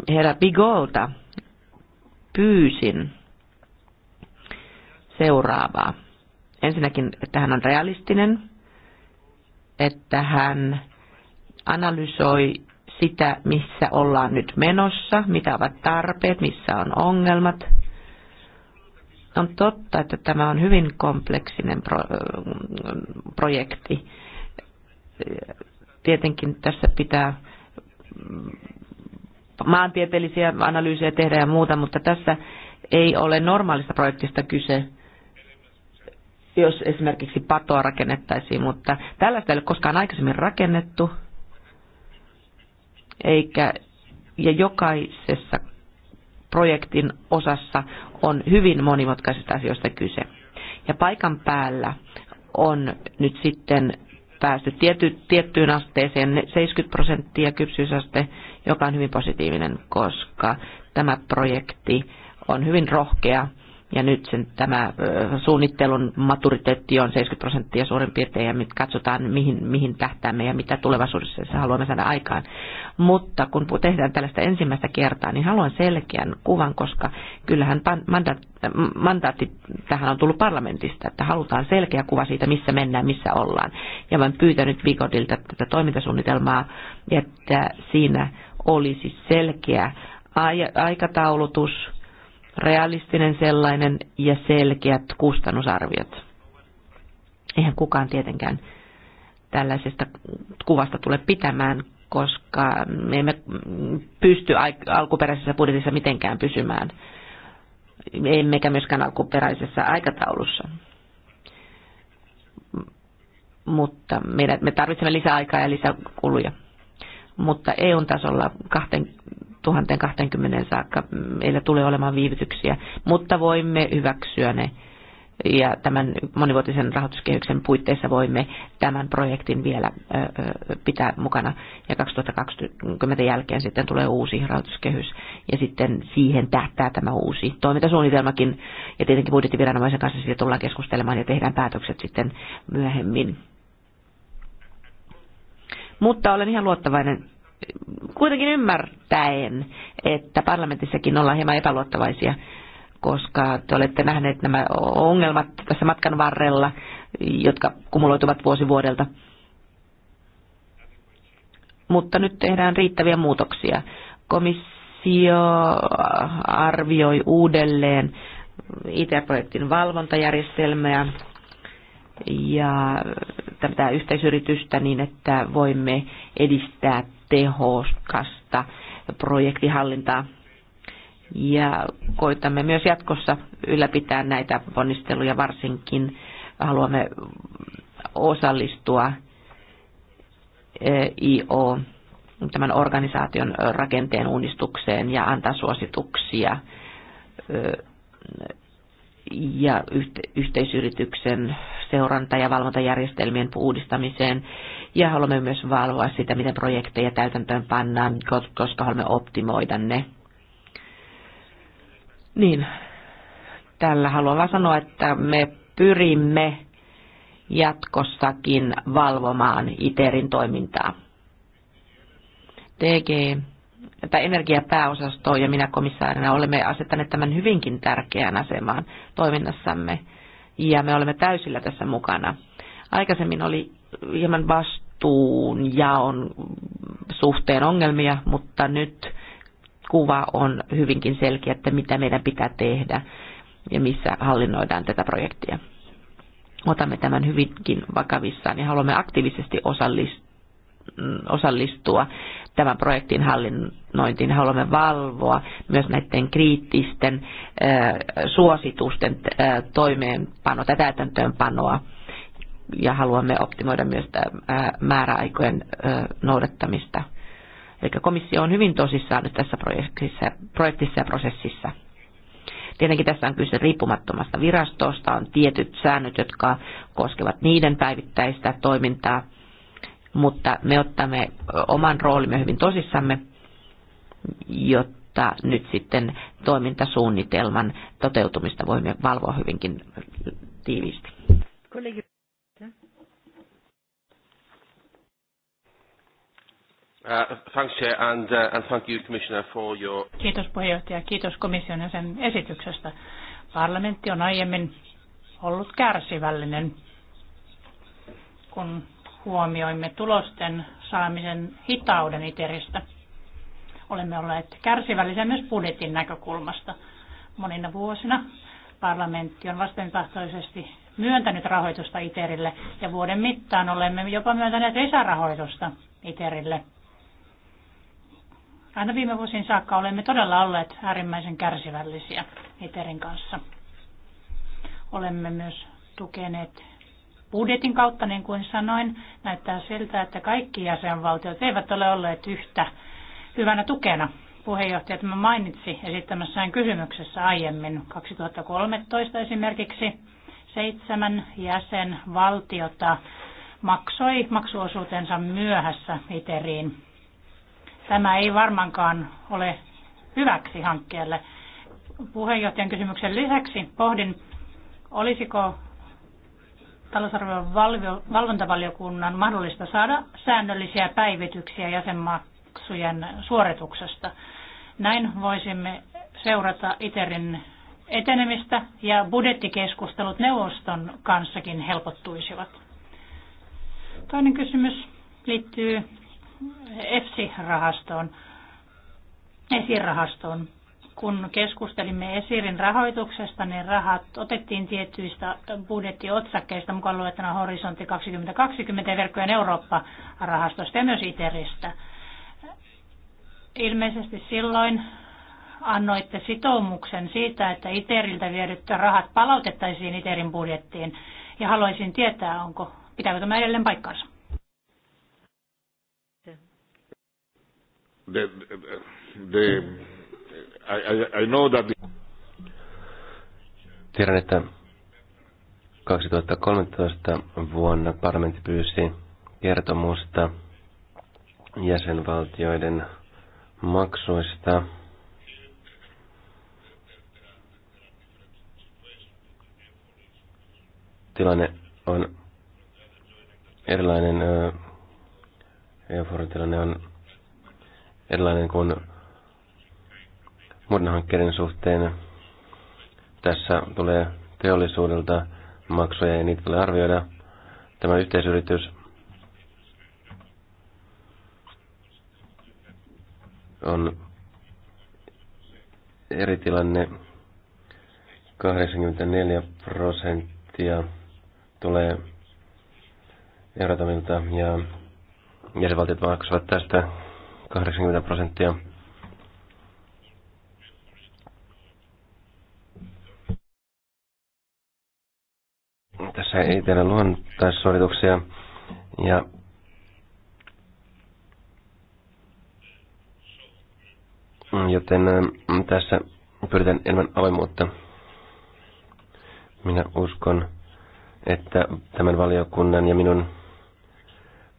herra Bigolta pyysin seuraavaa. Ensinnäkin, että hän on realistinen, että hän analysoi sitä, missä ollaan nyt menossa, mitä ovat tarpeet, missä on ongelmat. On totta, että tämä on hyvin kompleksinen pro- projekti. Tietenkin tässä pitää maantieteellisiä analyysejä tehdä ja muuta, mutta tässä ei ole normaalista projektista kyse, jos esimerkiksi patoa rakennettaisiin, mutta tällaista ei ole koskaan aikaisemmin rakennettu, eikä, ja jokaisessa projektin osassa on hyvin monimutkaisista asioista kyse. Ja paikan päällä on nyt sitten päästy tiety, tiettyyn asteeseen 70 prosenttia kypsyysaste, joka on hyvin positiivinen, koska tämä projekti on hyvin rohkea ja nyt sen, tämä suunnittelun maturiteetti on 70 prosenttia suurin piirtein ja nyt katsotaan mihin, mihin tähtäämme ja mitä tulevaisuudessa haluamme saada aikaan. Mutta kun tehdään tällaista ensimmäistä kertaa, niin haluan selkeän kuvan, koska kyllähän mandaat, mandaatti tähän on tullut parlamentista, että halutaan selkeä kuva siitä, missä mennään, missä ollaan. Ja olen pyytänyt Vigodilta tätä toimintasuunnitelmaa, että siinä olisi selkeä aikataulutus, realistinen sellainen ja selkeät kustannusarviot. Eihän kukaan tietenkään tällaisesta kuvasta tule pitämään, koska me emme pysty alkuperäisessä budjetissa mitenkään pysymään, emmekä myöskään alkuperäisessä aikataulussa. Mutta me tarvitsemme lisää aikaa ja lisää kuluja. Mutta eu tasolla 2020 saakka mm, meillä tulee olemaan viivytyksiä, mutta voimme hyväksyä ne ja tämän monivuotisen rahoituskehyksen puitteissa voimme tämän projektin vielä pitää mukana. Ja 2020 jälkeen sitten tulee uusi rahoituskehys ja sitten siihen tähtää tämä uusi toimintasuunnitelmakin. Ja tietenkin budjettiviranomaisen kanssa siitä tullaan keskustelemaan ja tehdään päätökset sitten myöhemmin. Mutta olen ihan luottavainen kuitenkin ymmärtäen, että parlamentissakin ollaan hieman epäluottavaisia, koska te olette nähneet nämä ongelmat tässä matkan varrella, jotka kumuloituvat vuosi vuodelta. Mutta nyt tehdään riittäviä muutoksia. Komissio arvioi uudelleen IT-projektin valvontajärjestelmää ja tätä yhteisyritystä niin, että voimme edistää tehokasta projektihallintaa. Ja koitamme myös jatkossa ylläpitää näitä ponnisteluja, varsinkin haluamme osallistua e, IO tämän organisaation rakenteen uudistukseen ja antaa suosituksia e, ja yhteisyrityksen seuranta- ja valvontajärjestelmien uudistamiseen. Ja haluamme myös valvoa sitä, miten projekteja täytäntöön pannaan, koska haluamme optimoida ne. Niin, tällä haluan vaan sanoa, että me pyrimme jatkossakin valvomaan ITERin toimintaa. DG tai energiapääosasto ja minä komissaarina olemme asettaneet tämän hyvinkin tärkeään asemaan toiminnassamme ja me olemme täysillä tässä mukana. Aikaisemmin oli hieman vastuun ja on suhteen ongelmia, mutta nyt kuva on hyvinkin selkeä, että mitä meidän pitää tehdä ja missä hallinnoidaan tätä projektia. Otamme tämän hyvinkin vakavissaan ja haluamme aktiivisesti mm, osallistua tämän projektin hallinnointiin. Haluamme valvoa myös näiden kriittisten suositusten toimeenpano tai täytäntöönpanoa ja haluamme optimoida myös määräaikojen noudattamista. Eli komissio on hyvin tosissaan nyt tässä projektissa, projektissa ja prosessissa. Tietenkin tässä on kyse riippumattomasta virastosta, on tietyt säännöt, jotka koskevat niiden päivittäistä toimintaa – mutta me ottamme oman roolimme hyvin tosissamme, jotta nyt sitten toimintasuunnitelman toteutumista voimme valvoa hyvinkin tiiviisti. Uh, uh, kiitos puheenjohtaja, kiitos komission sen esityksestä. Parlamentti on aiemmin ollut kärsivällinen, kun huomioimme tulosten saamisen hitauden ITERistä. Olemme olleet kärsivällisiä myös budjetin näkökulmasta. Monina vuosina parlamentti on vastentahtoisesti myöntänyt rahoitusta ITERille ja vuoden mittaan olemme jopa myöntäneet lisärahoitusta ITERille. Aina viime vuosin saakka olemme todella olleet äärimmäisen kärsivällisiä ITERin kanssa. Olemme myös tukeneet budjetin kautta, niin kuin sanoin, näyttää siltä, että kaikki jäsenvaltiot eivät ole olleet yhtä hyvänä tukena. Puheenjohtaja tämä mainitsi esittämässään kysymyksessä aiemmin 2013 esimerkiksi seitsemän jäsenvaltiota maksoi maksuosuutensa myöhässä ITERiin. Tämä ei varmaankaan ole hyväksi hankkeelle. Puheenjohtajan kysymyksen lisäksi pohdin, olisiko talousarvion valvontavaliokunnan mahdollista saada säännöllisiä päivityksiä jäsenmaksujen suorituksesta. Näin voisimme seurata ITERin etenemistä ja budjettikeskustelut neuvoston kanssakin helpottuisivat. Toinen kysymys liittyy EFSI-rahastoon, esirahastoon kun keskustelimme Esirin rahoituksesta, niin rahat otettiin tietyistä budjettiotsakkeista mukaan luettuna Horisontti 2020 ja Verkkojen Eurooppa-rahastosta ja myös ITERistä. Ilmeisesti silloin annoitte sitoumuksen siitä, että ITERiltä viedyt rahat palautettaisiin ITERin budjettiin. Ja haluaisin tietää, onko, pitääkö tämä edelleen paikkaansa. The, the, the, Tiedän, että 2013 vuonna parlamentti pyysi kertomusta jäsenvaltioiden maksuista tilanne on erilainen, euforin tilanne on erilainen kuin muiden hankkeiden suhteen. Tässä tulee teollisuudelta maksuja ja niitä tulee arvioida. Tämä yhteisyritys on eri tilanne. 84 prosenttia tulee Euratomilta ja jäsenvaltiot maksavat tästä 80 prosenttia. ei tehdä luontaissuorituksia. Ja joten tässä pyritään enemmän avoimuutta. Minä uskon, että tämän valiokunnan ja minun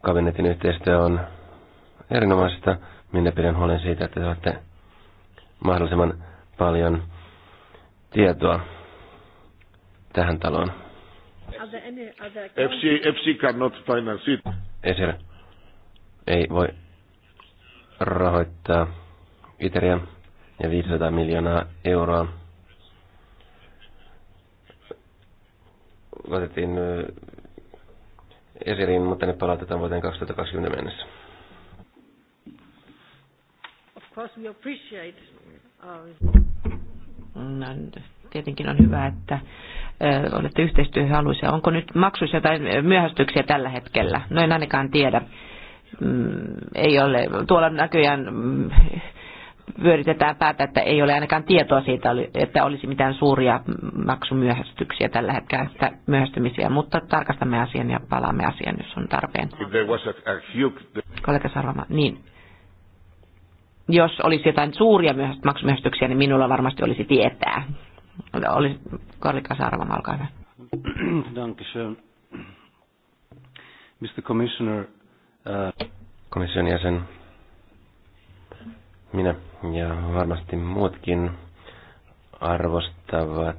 kabinetin yhteistyö on erinomaista. Minä pidän huolen siitä, että saatte mahdollisimman paljon tietoa tähän taloon. Are there any other FC, FC cannot finance it. Ei siellä. Ei voi rahoittaa Iteria ja 500 miljoonaa euroa otettiin esiriin, mutta ne palautetaan vuoteen 2020 mennessä. Of course we appreciate our... Uh, Tietenkin on hyvä, että olette yhteistyöhaluisia. Onko nyt maksuja tai myöhästyksiä tällä hetkellä? No en ainakaan tiedä. Mm, ei ole. Tuolla näköjään mm, pyöritetään päätä, että ei ole ainakaan tietoa siitä, että olisi mitään suuria maksumyöhästyksiä tällä hetkellä, että myöhästymisiä, mutta tarkastamme asian ja palaamme asian, jos on tarpeen. Kollega Sarvama, niin. Jos olisi jotain suuria maksumyöhästyksiä, niin minulla varmasti olisi tietää. Oli Karli Kasarvam, olkaa hyvä. Mr. Commissioner, uh... Komission jäsen, minä ja varmasti muutkin arvostavat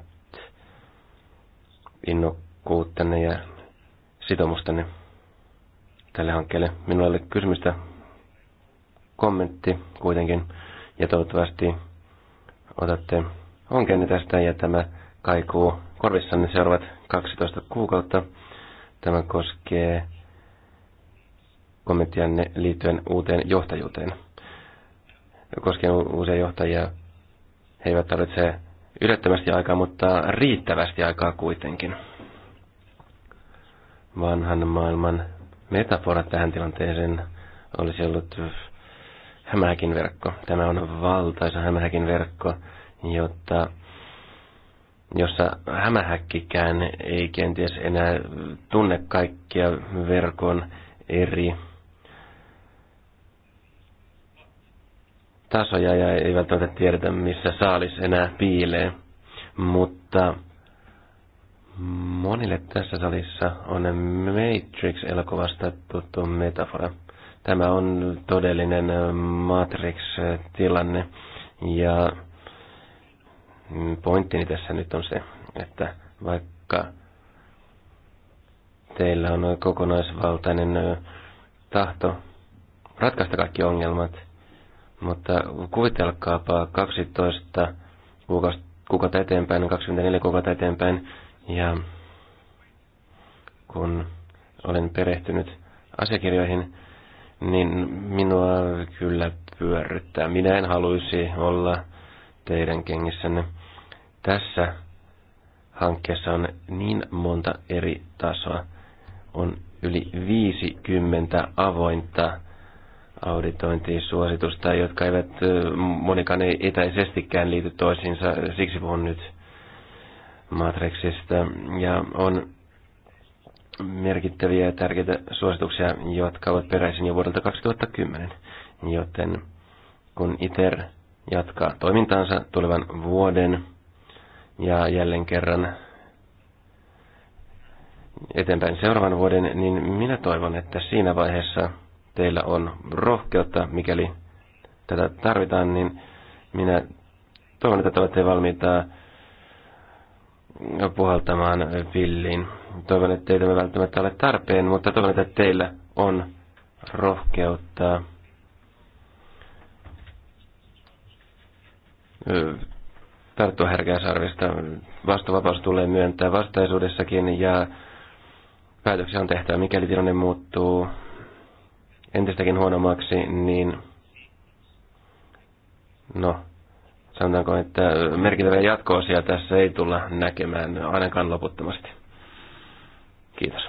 innokkuuttanne ja sitomustanne tälle hankkeelle. Minulla oli kysymystä kommentti kuitenkin, ja toivottavasti otatte Onkin tästä ja tämä kaikuu korvissanne seuraavat 12 kuukautta. Tämä koskee kommenttianne liittyen uuteen johtajuuteen. Koskien uusia johtajia, he eivät tarvitse ylettömästi aikaa, mutta riittävästi aikaa kuitenkin. Vanhan maailman metafora tähän tilanteeseen olisi ollut hämähäkin verkko. Tämä on valtaisa hämähäkin verkko, jotta jossa hämähäkkikään ei kenties enää tunne kaikkia verkon eri tasoja ja ei välttämättä tiedetä, missä saalis enää piilee. Mutta monille tässä salissa on Matrix-elokuvasta tuttu metafora. Tämä on todellinen Matrix-tilanne ja Mm, pointtini tässä nyt on se, että vaikka teillä on kokonaisvaltainen tahto ratkaista kaikki ongelmat, mutta kuvitelkaapa 12 kuukautta eteenpäin, 24 kuukautta eteenpäin, ja kun olen perehtynyt asiakirjoihin, niin minua kyllä pyörryttää. Minä en haluaisi olla teidän kengissänne. Tässä hankkeessa on niin monta eri tasoa. On yli 50 avointa auditointisuositusta, jotka eivät monikaan etäisestikään liity toisiinsa. Siksi puhun nyt Matrixista. Ja on merkittäviä ja tärkeitä suosituksia, jotka ovat peräisin jo vuodelta 2010. Joten kun ITER jatkaa toimintaansa tulevan vuoden ja jälleen kerran eteenpäin seuraavan vuoden, niin minä toivon, että siinä vaiheessa teillä on rohkeutta, mikäli tätä tarvitaan, niin minä toivon, että te olette valmiita puhaltamaan villiin. Toivon, että ei välttämättä ole tarpeen, mutta toivon, että teillä on rohkeutta tarttua härkäsarvista. Vastuvapaus tulee myöntää vastaisuudessakin ja päätöksiä on tehtävä. Mikäli tilanne muuttuu entistäkin huonommaksi, niin no, sanotaanko, että merkittäviä jatkoosia tässä ei tulla näkemään ainakaan loputtomasti. Kiitos.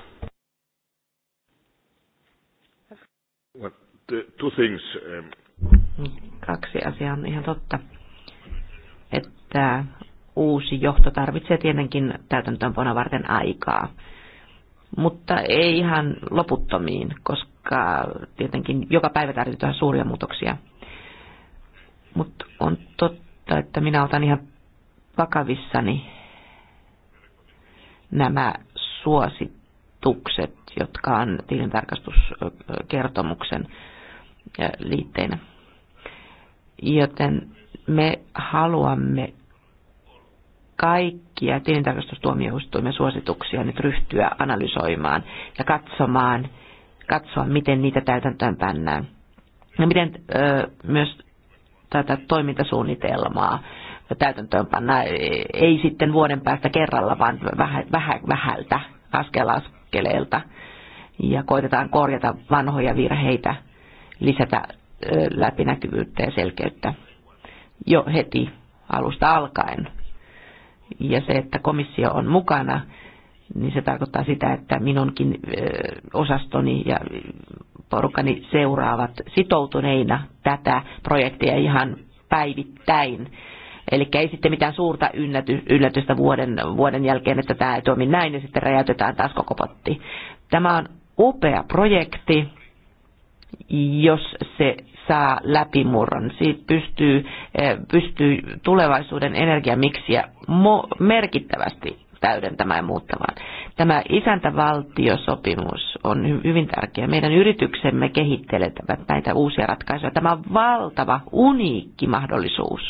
Two things. Um, Kaksi asiaa on ihan totta. Et että uusi johto tarvitsee tietenkin täytäntöönpanoa varten aikaa, mutta ei ihan loputtomiin, koska tietenkin joka päivä tarvitaan suuria muutoksia. Mutta on totta, että minä otan ihan vakavissani nämä suositukset, jotka on tilintarkastuskertomuksen äh, liitteinä. Joten me haluamme kaikkia tilintarkastustuomioistuimen suosituksia nyt ryhtyä analysoimaan ja katsomaan, katsoa, miten niitä täytäntöön pannaan. Ja miten ö, myös tätä toimintasuunnitelmaa täytäntöön pannaan, ei sitten vuoden päästä kerralla, vaan vähä, vähä, vähältä, askel askeleelta. Ja koitetaan korjata vanhoja virheitä, lisätä läpinäkyvyyttä ja selkeyttä jo heti alusta alkaen ja se, että komissio on mukana, niin se tarkoittaa sitä, että minunkin osastoni ja porukani seuraavat sitoutuneina tätä projektia ihan päivittäin. Eli ei sitten mitään suurta yllätystä vuoden, vuoden jälkeen, että tämä ei toimi näin ja sitten räjäytetään taas koko potti. Tämä on upea projekti, jos se saa läpimurron. Siitä pystyy, eh, pystyy tulevaisuuden energiamiksiä merkittävästi täydentämään ja muuttamaan. Tämä isäntävaltiosopimus on hyvin tärkeä. Meidän yrityksemme kehittelevät näitä uusia ratkaisuja. Tämä on valtava, uniikki mahdollisuus.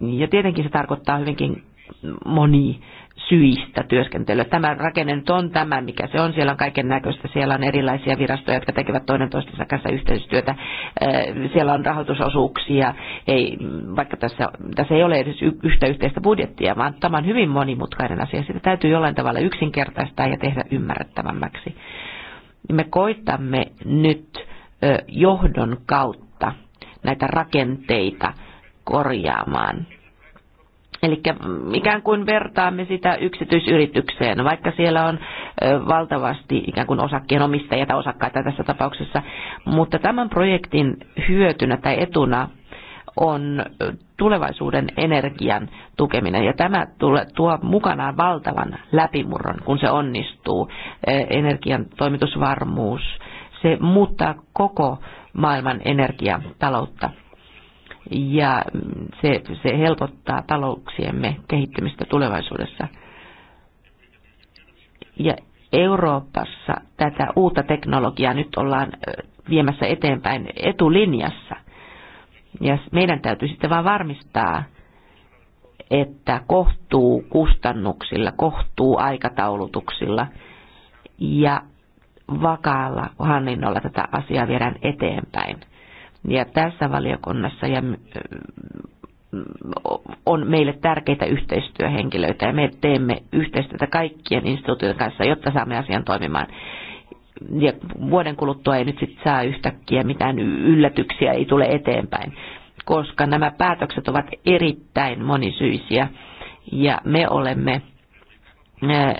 Ja tietenkin se tarkoittaa hyvinkin moni syistä työskentelyä. Tämä rakenne nyt on tämä, mikä se on. Siellä on kaiken näköistä. Siellä on erilaisia virastoja, jotka tekevät toinen toistensa kanssa yhteistyötä. Äh, siellä on rahoitusosuuksia. Ei, vaikka tässä, tässä ei ole edes yhtä yhteistä budjettia, vaan tämä on hyvin monimutkainen asia. Sitä täytyy jollain tavalla yksinkertaistaa ja tehdä ymmärrettävämmäksi. Me koitamme nyt johdon kautta näitä rakenteita korjaamaan – Eli ikään kuin vertaamme sitä yksityisyritykseen, vaikka siellä on valtavasti ikään kuin osakkeen omistajia tai osakkaita tässä tapauksessa. Mutta tämän projektin hyötynä tai etuna on tulevaisuuden energian tukeminen. Ja tämä tuo mukanaan valtavan läpimurron, kun se onnistuu. Energian toimitusvarmuus, se muuttaa koko maailman energiataloutta ja se, se helpottaa talouksiemme kehittymistä tulevaisuudessa. Ja Euroopassa tätä uutta teknologiaa nyt ollaan viemässä eteenpäin etulinjassa. Ja meidän täytyy sitten vaan varmistaa, että kohtuu kustannuksilla, kohtuu aikataulutuksilla ja vakaalla hanninnolla tätä asiaa viedään eteenpäin. Ja tässä valiokunnassa ja mm, mm, on meille tärkeitä yhteistyöhenkilöitä ja me teemme yhteistyötä kaikkien instituutioiden kanssa, jotta saamme asian toimimaan. Ja vuoden kuluttua ei nyt sit saa yhtäkkiä mitään yllätyksiä, ei tule eteenpäin, koska nämä päätökset ovat erittäin monisyisiä ja me olemme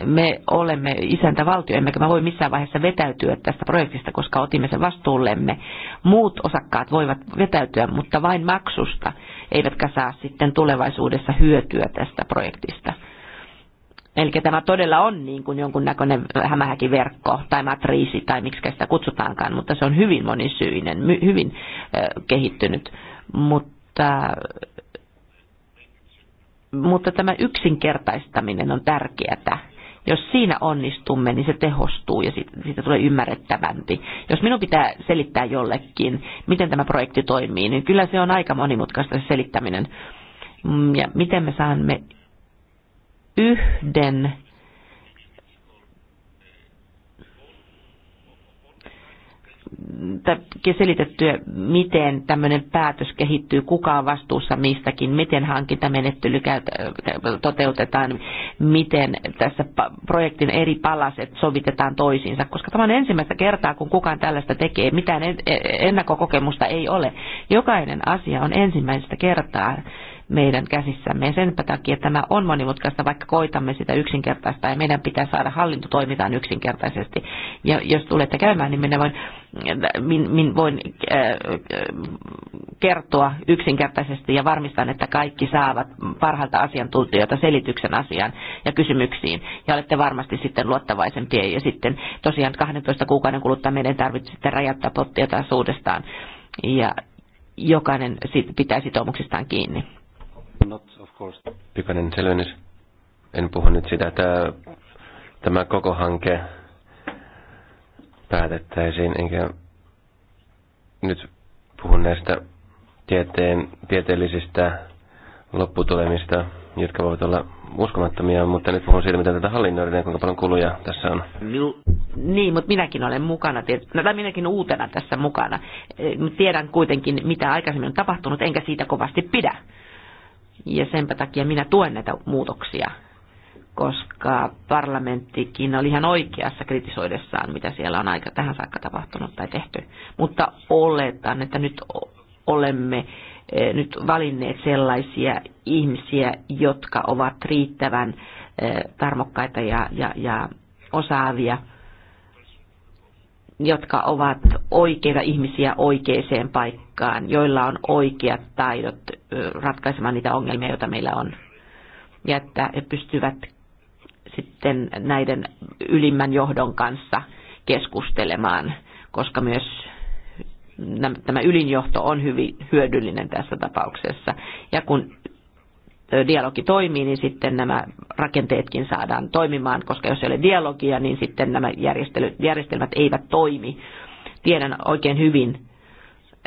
me olemme isäntävaltio, emmekä me voi missään vaiheessa vetäytyä tästä projektista, koska otimme sen vastuullemme. Muut osakkaat voivat vetäytyä, mutta vain maksusta, eivätkä saa sitten tulevaisuudessa hyötyä tästä projektista. Eli tämä todella on niin kuin jonkunnäköinen hämähäkiverkko tai matriisi tai miksi sitä kutsutaankaan, mutta se on hyvin monisyinen, hyvin kehittynyt. Mutta mutta tämä yksinkertaistaminen on tärkeää. Jos siinä onnistumme, niin se tehostuu ja siitä, siitä tulee ymmärrettävämpi. Jos minun pitää selittää jollekin, miten tämä projekti toimii, niin kyllä se on aika monimutkaista se selittäminen. Mm, ja miten me saamme yhden selitettyä, miten tämmöinen päätös kehittyy, kuka on vastuussa mistäkin, miten hankintamenettely äh, toteutetaan, miten tässä projektin eri palaset sovitetaan toisiinsa, koska tämä on ensimmäistä kertaa, kun kukaan tällaista tekee, mitään e-, ennakkokokemusta ei ole. Jokainen asia on ensimmäistä kertaa meidän käsissämme. Ja senpä takia tämä on monimutkaista, vaikka koitamme sitä yksinkertaista ja meidän pitää saada hallinto toimitaan yksinkertaisesti. Ja jos tulette käymään, niin minä voin, min, min voin äh, äh kertoa yksinkertaisesti ja varmistan, että kaikki saavat parhaalta asiantuntijoita selityksen asiaan ja kysymyksiin. Ja olette varmasti sitten luottavaisempia ja sitten tosiaan 12 kuukauden kuluttua meidän tarvitsee sitten rajattaa pottia taas uudestaan. Ja jokainen pitää sitoumuksistaan kiinni. Not of course. Pikainen selvennys. En puhu nyt sitä, että tämä koko hanke päätettäisiin, enkä nyt puhu näistä tieteen, tieteellisistä lopputulemista, jotka voivat olla uskomattomia, mutta nyt puhun siitä, mitä tätä hallinnoidaan kuinka paljon kuluja tässä on. Niin, mutta minäkin olen mukana, no, tai minäkin uutena tässä mukana. Eh, tiedän kuitenkin, mitä aikaisemmin on tapahtunut, enkä siitä kovasti pidä. Ja senpä takia minä tuen näitä muutoksia, koska parlamenttikin oli ihan oikeassa kritisoidessaan, mitä siellä on aika tähän saakka tapahtunut tai tehty. Mutta oletan, että nyt olemme eh, nyt valinneet sellaisia ihmisiä, jotka ovat riittävän eh, tarmokkaita ja, ja, ja osaavia – jotka ovat oikeita ihmisiä oikeaan paikkaan, joilla on oikeat taidot ratkaisemaan niitä ongelmia, joita meillä on. Ja että he pystyvät sitten näiden ylimmän johdon kanssa keskustelemaan, koska myös tämä ylinjohto on hyvin hyödyllinen tässä tapauksessa. Ja kun dialogi toimii, niin sitten nämä rakenteetkin saadaan toimimaan, koska jos ei ole dialogia, niin sitten nämä järjestelmät eivät toimi. Tiedän oikein hyvin,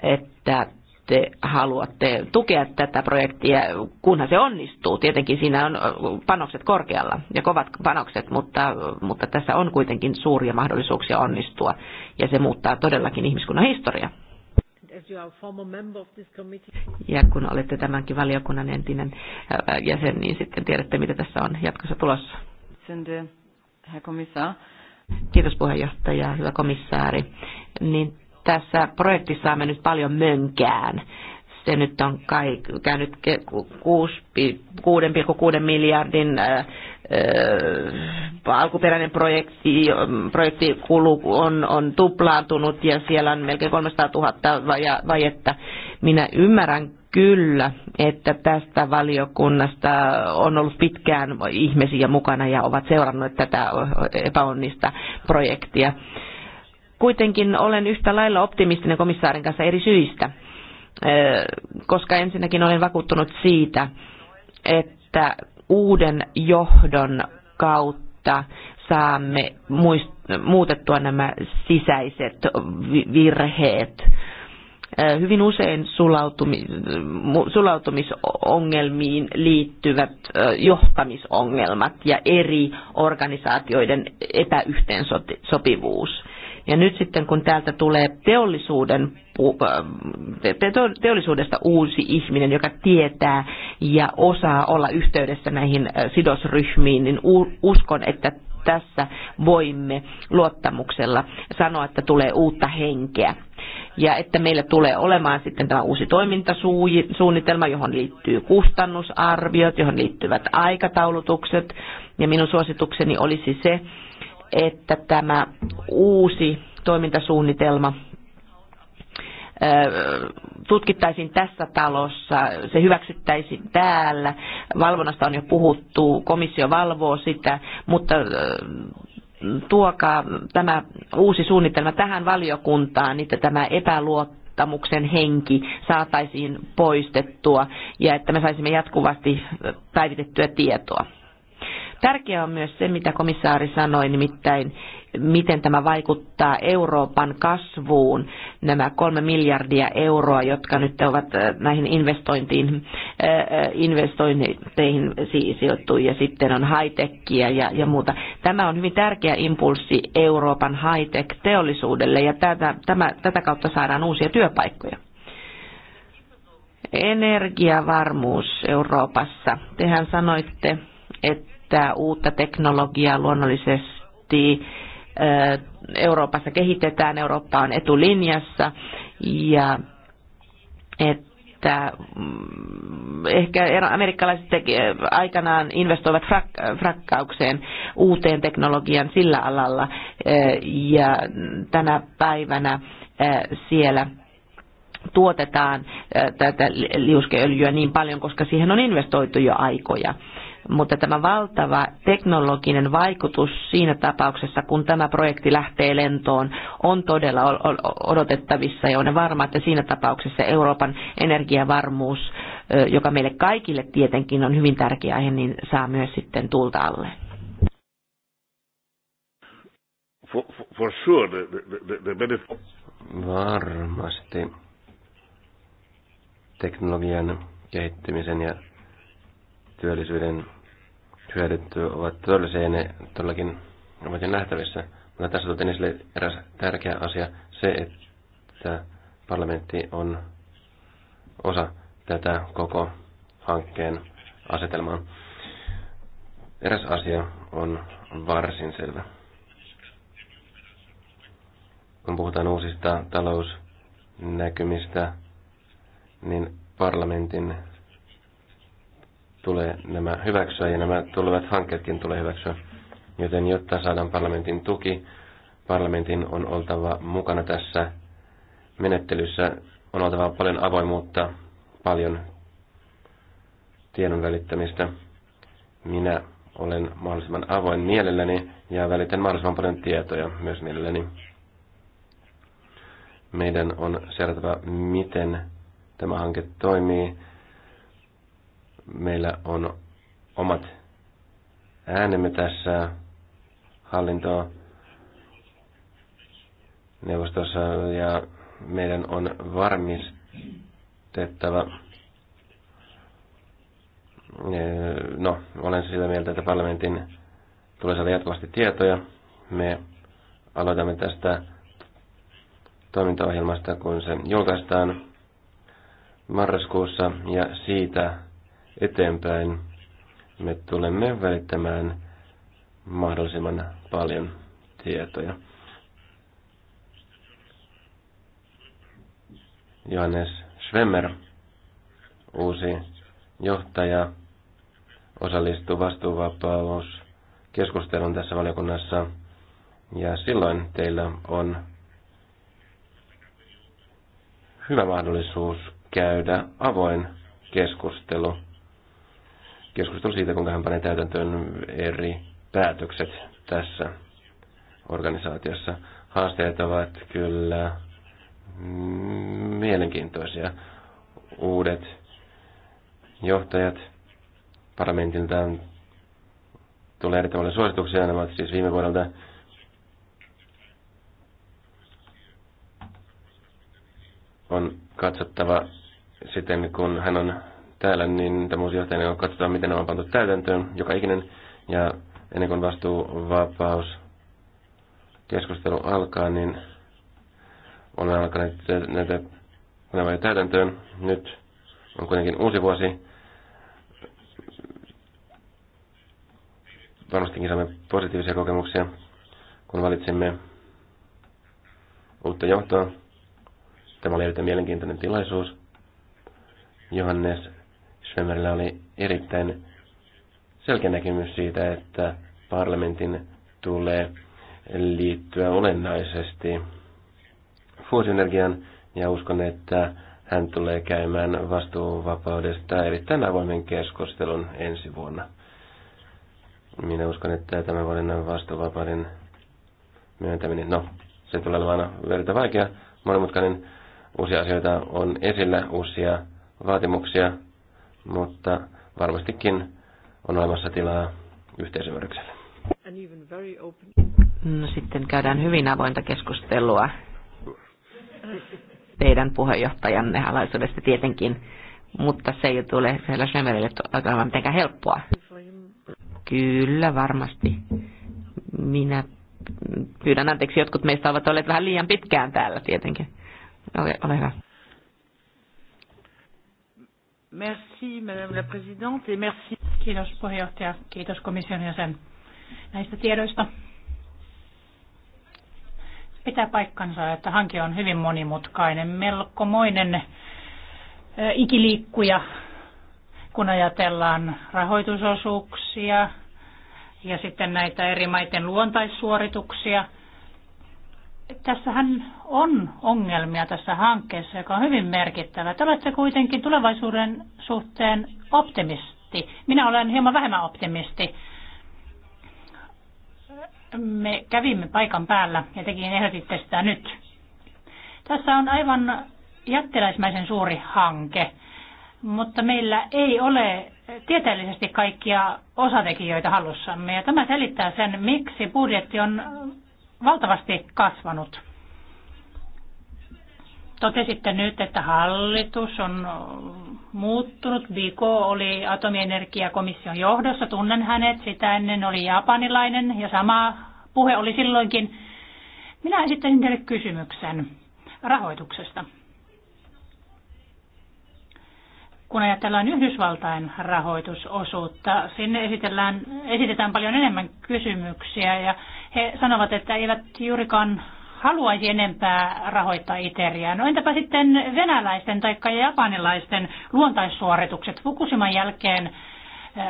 että te haluatte tukea tätä projektia, kunhan se onnistuu. Tietenkin siinä on panokset korkealla ja kovat panokset, mutta, mutta tässä on kuitenkin suuria mahdollisuuksia onnistua ja se muuttaa todellakin ihmiskunnan historiaa. Ja kun olette tämänkin valiokunnan entinen äh, jäsen, niin sitten tiedätte, mitä tässä on jatkossa tulossa. Kiitos puheenjohtaja, hyvä komissaari. Niin tässä projektissa on mennyt paljon mönkään se nyt on kai, käynyt 6,6 miljardin ää, äh, äh, alkuperäinen projekti, mm, projektikulu on, on tuplaantunut ja siellä on melkein 300 000 vajetta. Minä ymmärrän kyllä, että tästä valiokunnasta on ollut pitkään ihmisiä mukana ja ovat seuranneet tätä epäonnista projektia. Kuitenkin olen yhtä lailla optimistinen komissaarin kanssa eri syistä Eh, koska ensinnäkin olen vakuuttunut siitä, että uuden johdon kautta saamme muutettua nämä sisäiset virheet. Eh, hyvin usein sulautumisongelmiin liittyvät eh, johtamisongelmat ja eri organisaatioiden epäyhteensopivuus. Ja nyt sitten kun täältä tulee teollisuuden, teollisuudesta uusi ihminen, joka tietää ja osaa olla yhteydessä näihin sidosryhmiin, niin uskon, että tässä voimme luottamuksella sanoa, että tulee uutta henkeä. Ja että meillä tulee olemaan sitten tämä uusi toimintasuunnitelma, johon liittyy kustannusarviot, johon liittyvät aikataulutukset. Ja minun suositukseni olisi se, että tämä uusi toimintasuunnitelma tutkittaisiin tässä talossa, se hyväksyttäisiin täällä. Valvonnasta on jo puhuttu, komissio valvoo sitä, mutta tuokaa tämä uusi suunnitelma tähän valiokuntaan, niin että tämä epäluottamuksen henki saataisiin poistettua ja että me saisimme jatkuvasti päivitettyä tietoa. Tärkeää on myös se, mitä komissaari sanoi, nimittäin miten tämä vaikuttaa Euroopan kasvuun, nämä kolme miljardia euroa, jotka nyt ovat äh, näihin investointiin, äh, äh, investointeihin sijoittu ja sitten on high-techia ja, ja muuta. Tämä on hyvin tärkeä impulssi Euroopan high-tech-teollisuudelle ja tätä, tämä, tätä kautta saadaan uusia työpaikkoja. Energiavarmuus Euroopassa. Tehän sanoitte, että käyttää uutta teknologiaa luonnollisesti Euroopassa kehitetään, Eurooppa on etulinjassa ja että että mm, ehkä amerikkalaiset aikanaan investoivat frak- frakkaukseen uuteen teknologian sillä alalla ja tänä päivänä siellä tuotetaan tätä liuskeöljyä niin paljon, koska siihen on investoitu jo aikoja mutta tämä valtava teknologinen vaikutus siinä tapauksessa, kun tämä projekti lähtee lentoon, on todella odotettavissa ja on varma, että siinä tapauksessa Euroopan energiavarmuus, joka meille kaikille tietenkin on hyvin tärkeä aihe, niin saa myös sitten tulta alle. For, for, for sure, the, the, the benefit. Varmasti teknologian kehittymisen ja työllisyyden hyödyt ovat todellisia ja ne todellakin ovat jo nähtävissä. Mutta tässä tuotiin esille eräs tärkeä asia, se, että parlamentti on osa tätä koko hankkeen asetelmaa. Eräs asia on varsin selvä. Kun puhutaan uusista talousnäkymistä, niin parlamentin tulee nämä hyväksyä ja nämä tulevat hankkeetkin tulee hyväksyä. Joten jotta saadaan parlamentin tuki, parlamentin on oltava mukana tässä menettelyssä. On oltava paljon avoimuutta, paljon tiedon välittämistä. Minä olen mahdollisimman avoin mielelläni ja välitän mahdollisimman paljon tietoja myös mielelläni. Meidän on seurattava, miten tämä hanke toimii Meillä on omat äänemme tässä hallintoa neuvostossa ja meidän on varmistettava, eh, no olen sitä mieltä, että parlamentin tulee saada jatkuvasti tietoja. Me aloitamme tästä toimintaohjelmasta, kun se julkaistaan marraskuussa ja siitä eteenpäin. Me tulemme välittämään mahdollisimman paljon tietoja. Johannes Schwemmer, uusi johtaja, osallistuu vastuuvapauskeskusteluun tässä valiokunnassa. Ja silloin teillä on hyvä mahdollisuus käydä avoin keskustelu keskustelu siitä, kuinka hän panee täytäntöön eri päätökset tässä organisaatiossa. Haasteet ovat kyllä mielenkiintoisia. Uudet johtajat parlamentilta tulee eri tavalla suosituksia, nämä ovat siis viime vuodelta on katsottava sitten, kun hän on täällä, niin tämä uusi johtaja niin katsotaan, miten ne on pantu täytäntöön, joka ikinen. Ja ennen kuin vapaus keskustelu alkaa, niin olemme alkanut näitä panemaan täytäntöön. Nyt on kuitenkin uusi vuosi. Varmastikin saamme positiivisia kokemuksia, kun valitsimme, uutta johtoa. Tämä oli erittäin mielenkiintoinen tilaisuus. Johannes Schömerillä oli erittäin selkeä näkemys siitä, että parlamentin tulee liittyä olennaisesti fuusioenergian ja uskon, että hän tulee käymään vastuuvapaudesta erittäin avoimen keskustelun ensi vuonna. Minä uskon, että tämän vuoden vastuuvapauden myöntäminen, no, se tulee olemaan verta vaikea, monimutkainen, uusia asioita on esillä, uusia vaatimuksia, mutta varmastikin on olemassa tilaa yhteisymmärrykselle. No, sitten käydään hyvin avointa keskustelua teidän puheenjohtajanne alaisuudesta tietenkin, mutta se ei tule siellä Schlemmerille olemaan mitenkään helppoa. Kyllä, varmasti. Minä pyydän anteeksi, jotkut meistä ovat olleet vähän liian pitkään täällä tietenkin. Ole, ole hyvä. Merci, Madame la Présidente, et merci. Kiitos puheenjohtaja, kiitos komission jäsen näistä tiedoista. Pitää paikkansa, että hanke on hyvin monimutkainen, melkomoinen ikiliikkuja, kun ajatellaan rahoitusosuuksia ja sitten näitä eri maiden luontaissuorituksia – tässähän on ongelmia tässä hankkeessa, joka on hyvin merkittävä. Te olette kuitenkin tulevaisuuden suhteen optimisti. Minä olen hieman vähemmän optimisti. Me kävimme paikan päällä ja tekin ehdotitte sitä nyt. Tässä on aivan jättiläismäisen suuri hanke, mutta meillä ei ole tieteellisesti kaikkia osatekijöitä hallussamme. Ja tämä selittää sen, miksi budjetti on valtavasti kasvanut. Totesitte nyt, että hallitus on muuttunut. Biko oli atomienergiakomission johdossa, tunnen hänet, sitä ennen oli japanilainen ja sama puhe oli silloinkin. Minä esittäisin teille kysymyksen rahoituksesta. Kun ajatellaan Yhdysvaltain rahoitusosuutta, sinne esitellään, esitetään paljon enemmän kysymyksiä ja he sanovat, että eivät juurikaan haluaisi enempää rahoittaa Iteriä. No entäpä sitten venäläisten tai japanilaisten luontaissuoritukset? Fukushiman jälkeen eh,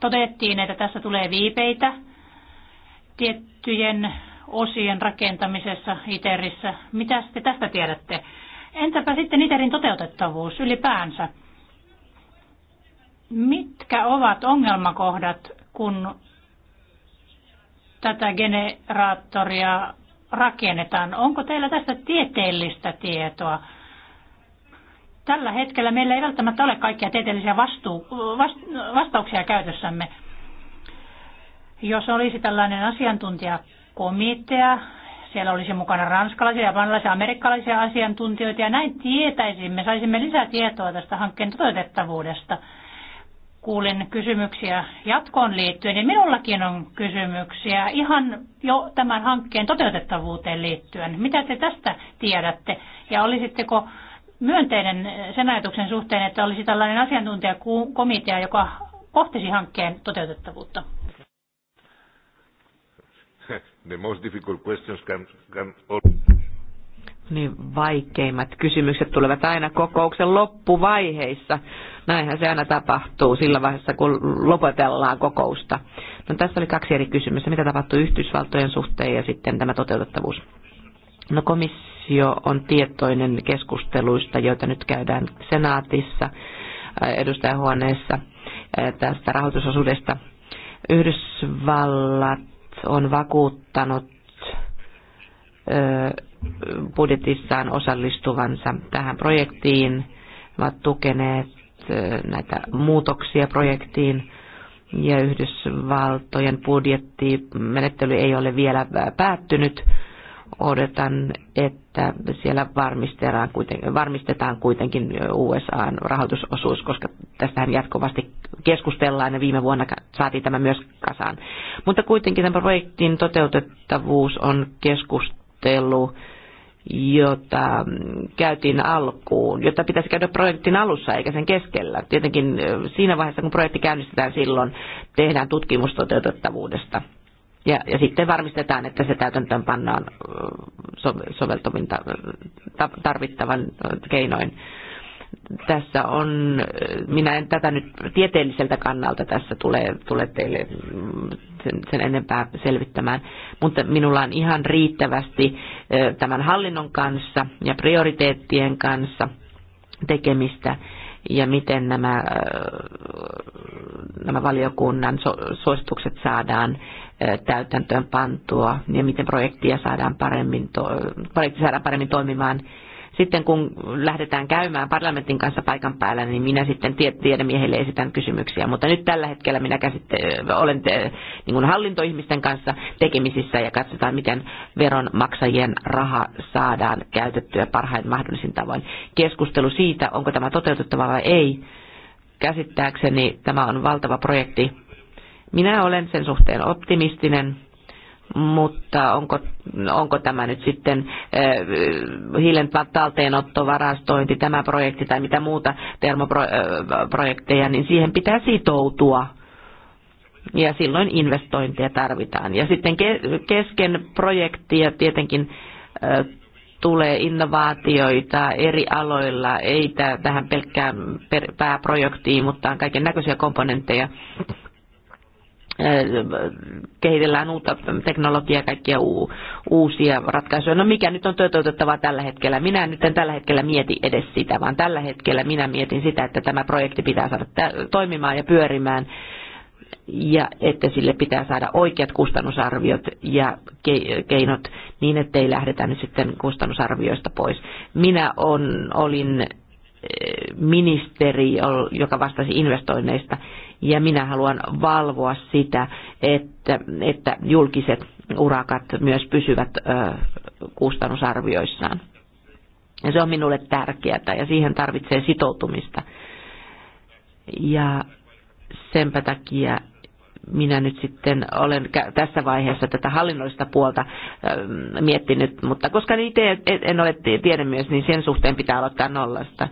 todettiin, että tässä tulee viipeitä tiettyjen osien rakentamisessa Iterissä. Mitä te tästä tiedätte? Entäpä sitten Iterin toteutettavuus ylipäänsä? Mitkä ovat ongelmakohdat, kun tätä generaattoria rakennetaan. Onko teillä tästä tieteellistä tietoa? Tällä hetkellä meillä ei välttämättä ole kaikkia tieteellisiä vastuu, vast, vastauksia käytössämme. Jos olisi tällainen asiantuntijakomitea, siellä olisi mukana ranskalaisia, japanilaisia, amerikkalaisia asiantuntijoita ja näin tietäisimme, saisimme lisää tietoa tästä hankkeen toteutettavuudesta – kuulen kysymyksiä jatkoon liittyen, niin minullakin on kysymyksiä ihan jo tämän hankkeen toteutettavuuteen liittyen. Mitä te tästä tiedätte? Ja olisitteko myönteinen sen ajatuksen suhteen, että olisi tällainen asiantuntijakomitea, joka pohtisi hankkeen toteutettavuutta? The most difficult questions can, can all... Niin vaikeimmat kysymykset tulevat aina kokouksen loppuvaiheissa. Näinhän se aina tapahtuu sillä vaiheessa, kun lopetellaan kokousta. No, tässä oli kaksi eri kysymystä. Mitä tapahtuu Yhdysvaltojen suhteen ja sitten tämä toteutettavuus? No komissio on tietoinen keskusteluista, joita nyt käydään senaatissa, äh, edustajahuoneessa äh, tästä rahoitusosuudesta. Yhdysvallat on vakuuttanut äh, budjetissaan osallistuvansa tähän projektiin, ovat tukeneet näitä muutoksia projektiin ja Yhdysvaltojen budjettimenettely ei ole vielä päättynyt. Odotan, että siellä varmistetaan kuitenkin, varmistetaan kuitenkin USAn rahoitusosuus, koska tästähän jatkuvasti keskustellaan ja viime vuonna saatiin tämä myös kasaan. Mutta kuitenkin tämän projektin toteutettavuus on keskustelu jota käytiin alkuun, jota pitäisi käydä projektin alussa eikä sen keskellä. Tietenkin siinä vaiheessa, kun projekti käynnistetään silloin, tehdään tutkimus toteutettavuudesta. Ja, ja sitten varmistetaan, että se täytäntöön pannaan soveltumin tarvittavan keinoin tässä on, minä en tätä nyt tieteelliseltä kannalta tässä tulee, tulee teille sen, sen enempää selvittämään, mutta minulla on ihan riittävästi tämän hallinnon kanssa ja prioriteettien kanssa tekemistä ja miten nämä, nämä valiokunnan suositukset saadaan täytäntöön pantua ja miten projektia saadaan paremmin, projekti saadaan paremmin toimimaan sitten kun lähdetään käymään parlamentin kanssa paikan päällä, niin minä sitten tiedemiehille esitän kysymyksiä. Mutta nyt tällä hetkellä minä käsitte- olen te- niin kuin hallintoihmisten kanssa tekemisissä ja katsotaan, miten veronmaksajien raha saadaan käytettyä parhain mahdollisin tavoin. Keskustelu siitä, onko tämä toteutettava vai ei, käsittääkseni tämä on valtava projekti. Minä olen sen suhteen optimistinen mutta onko, onko tämä nyt sitten eh, hiilen talteenotto, varastointi, tämä projekti tai mitä muuta termoprojekteja, niin siihen pitää sitoutua ja silloin investointeja tarvitaan. Ja sitten kesken projektia tietenkin eh, tulee innovaatioita eri aloilla, ei tähän pelkkään pääprojektiin, mutta on kaiken näköisiä komponentteja kehitellään uutta teknologiaa, kaikkia uusia ratkaisuja. No mikä nyt on toteutettavaa tällä hetkellä? Minä nyt en tällä hetkellä mieti edes sitä, vaan tällä hetkellä minä mietin sitä, että tämä projekti pitää saada toimimaan ja pyörimään ja että sille pitää saada oikeat kustannusarviot ja keinot niin, että ei lähdetä nyt sitten kustannusarvioista pois. Minä on, olin eh, ministeri, joka vastasi investoinneista ja minä haluan valvoa sitä, että, että julkiset urakat myös pysyvät ö, kustannusarvioissaan. Ja se on minulle tärkeää ja siihen tarvitsee sitoutumista. Ja senpä takia minä nyt sitten olen tässä vaiheessa tätä hallinnollista puolta miettinyt, mutta koska niitä en ole tiedemies, niin sen suhteen pitää aloittaa nollasta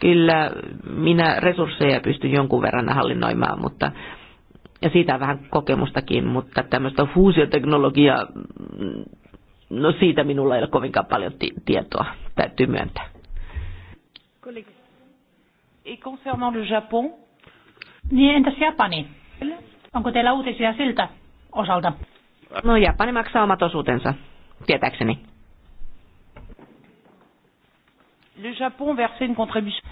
kyllä minä resursseja pystyn jonkun verran hallinnoimaan, mutta ja siitä on vähän kokemustakin, mutta tämmöistä fuusioteknologiaa, no siitä minulla ei ole kovinkaan paljon tietoa, täytyy myöntää. Et le Japon? Niin, entäs Japani? Onko teillä uutisia siltä osalta? No Japani maksaa omat osuutensa, tietääkseni. Le Japon versait une contribution.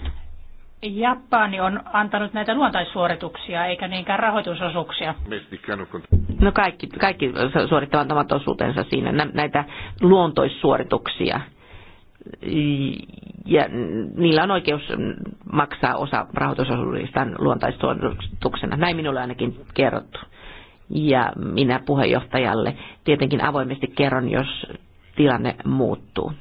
Japani on antanut näitä luontaissuorituksia eikä niinkään rahoitusosuuksia. No kaikki, kaikki suorittavat omat osuutensa siinä, näitä luontoissuorituksia. Ja niillä on oikeus maksaa osa rahoitusosuudistaan luontaissuorituksena. Näin minulle ainakin kerrottu. Ja minä puheenjohtajalle tietenkin avoimesti kerron, jos tilanne muuttuu.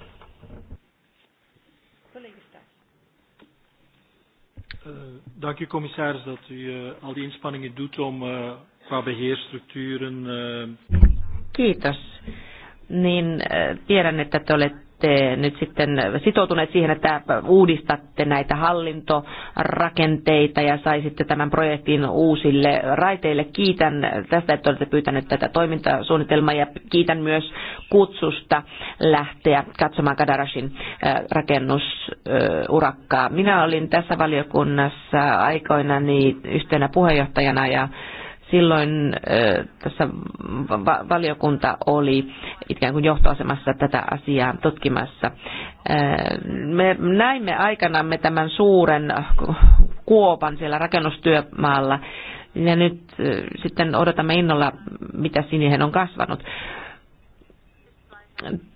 Eh, dank u commissaris dat u uh, al die inspanningen doet om uh, qua beheerstructuren. Uh... Kiitos. Niin tiedän, että te olette olette nyt sitten sitoutuneet siihen, että uudistatte näitä hallintorakenteita ja saisitte tämän projektin uusille raiteille. Kiitän tästä, että olette pyytänyt tätä toimintasuunnitelmaa ja kiitän myös kutsusta lähteä katsomaan Kadarashin äh, rakennusurakkaa. Minä olin tässä valiokunnassa aikoina yhtenä puheenjohtajana ja silloin tässä valiokunta oli ikään kuin johtoasemassa tätä asiaa tutkimassa. Me näimme aikanamme tämän suuren kuopan siellä rakennustyömaalla ja nyt sitten odotamme innolla, mitä sinihen on kasvanut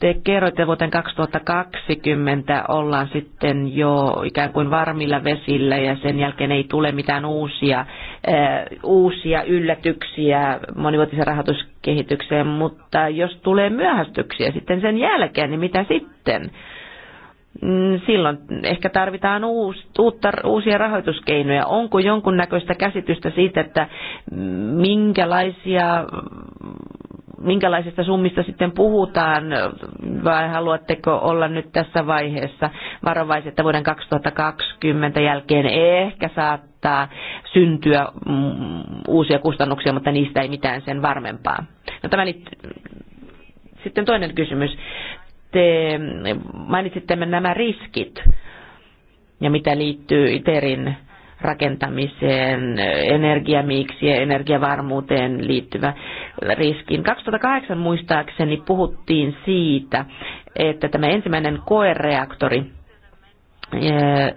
te kerroitte vuoteen 2020 ollaan sitten jo ikään kuin varmilla vesillä ja sen jälkeen ei tule mitään uusia, eh, uusia yllätyksiä monivuotisen rahoituskehitykseen, mutta jos tulee myöhästyksiä sitten sen jälkeen, niin mitä sitten? Mm, silloin ehkä tarvitaan uutta, uusia rahoituskeinoja. Onko jonkunnäköistä käsitystä siitä, että minkälaisia minkälaisista summista sitten puhutaan, vai haluatteko olla nyt tässä vaiheessa varovaisia, että vuoden 2020 jälkeen ehkä saattaa syntyä mm, uusia kustannuksia, mutta niistä ei mitään sen varmempaa. No, tämä nyt sitten toinen kysymys. Te mainitsitte nämä riskit ja mitä liittyy ITERin rakentamiseen, energiamiksiin, energiavarmuuteen liittyvä riskiin. 2008 muistaakseni puhuttiin siitä, että tämä ensimmäinen koereaktori, eh,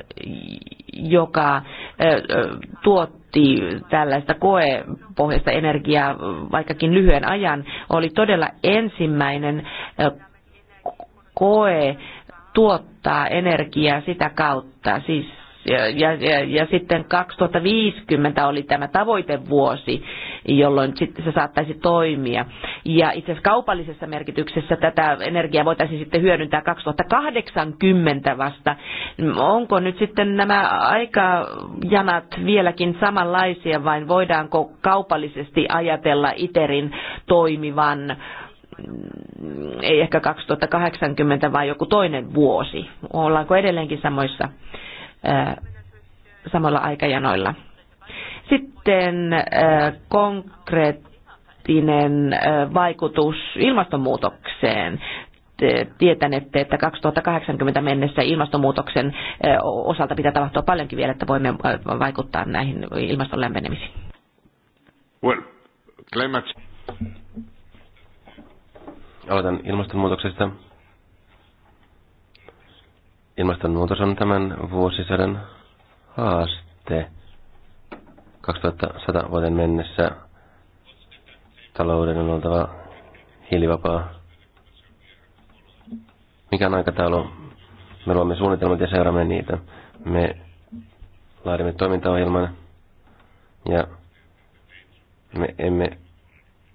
joka eh, tuotti tällaista koepohjaista energiaa vaikkakin lyhyen ajan, oli todella ensimmäinen eh, koe tuottaa energiaa sitä kautta, siis ja, ja, ja sitten 2050 oli tämä tavoitevuosi, jolloin se saattaisi toimia. Ja itse asiassa kaupallisessa merkityksessä tätä energiaa voitaisiin sitten hyödyntää 2080 vasta. Onko nyt sitten nämä aikajanat vieläkin samanlaisia vai voidaanko kaupallisesti ajatella ITERin toimivan mm, ei ehkä 2080 vaan joku toinen vuosi. Ollaanko edelleenkin samoissa Samalla aikajanoilla. Sitten konkreettinen vaikutus ilmastonmuutokseen tietänette, että 2080 mennessä ilmastonmuutoksen osalta pitää tapahtua paljonkin vielä, että voimme vaikuttaa näihin ilmaston lämpenemisiin? Well, climate. Aloitan ilmastonmuutoksesta. Ilmastonmuutos on tämän vuosisadan haaste. 2100 vuoden mennessä talouden on oltava hiilivapaa. Mikä on aikataulu? Me luomme suunnitelmat ja seuraamme niitä. Me laadimme toimintaohjelman ja me emme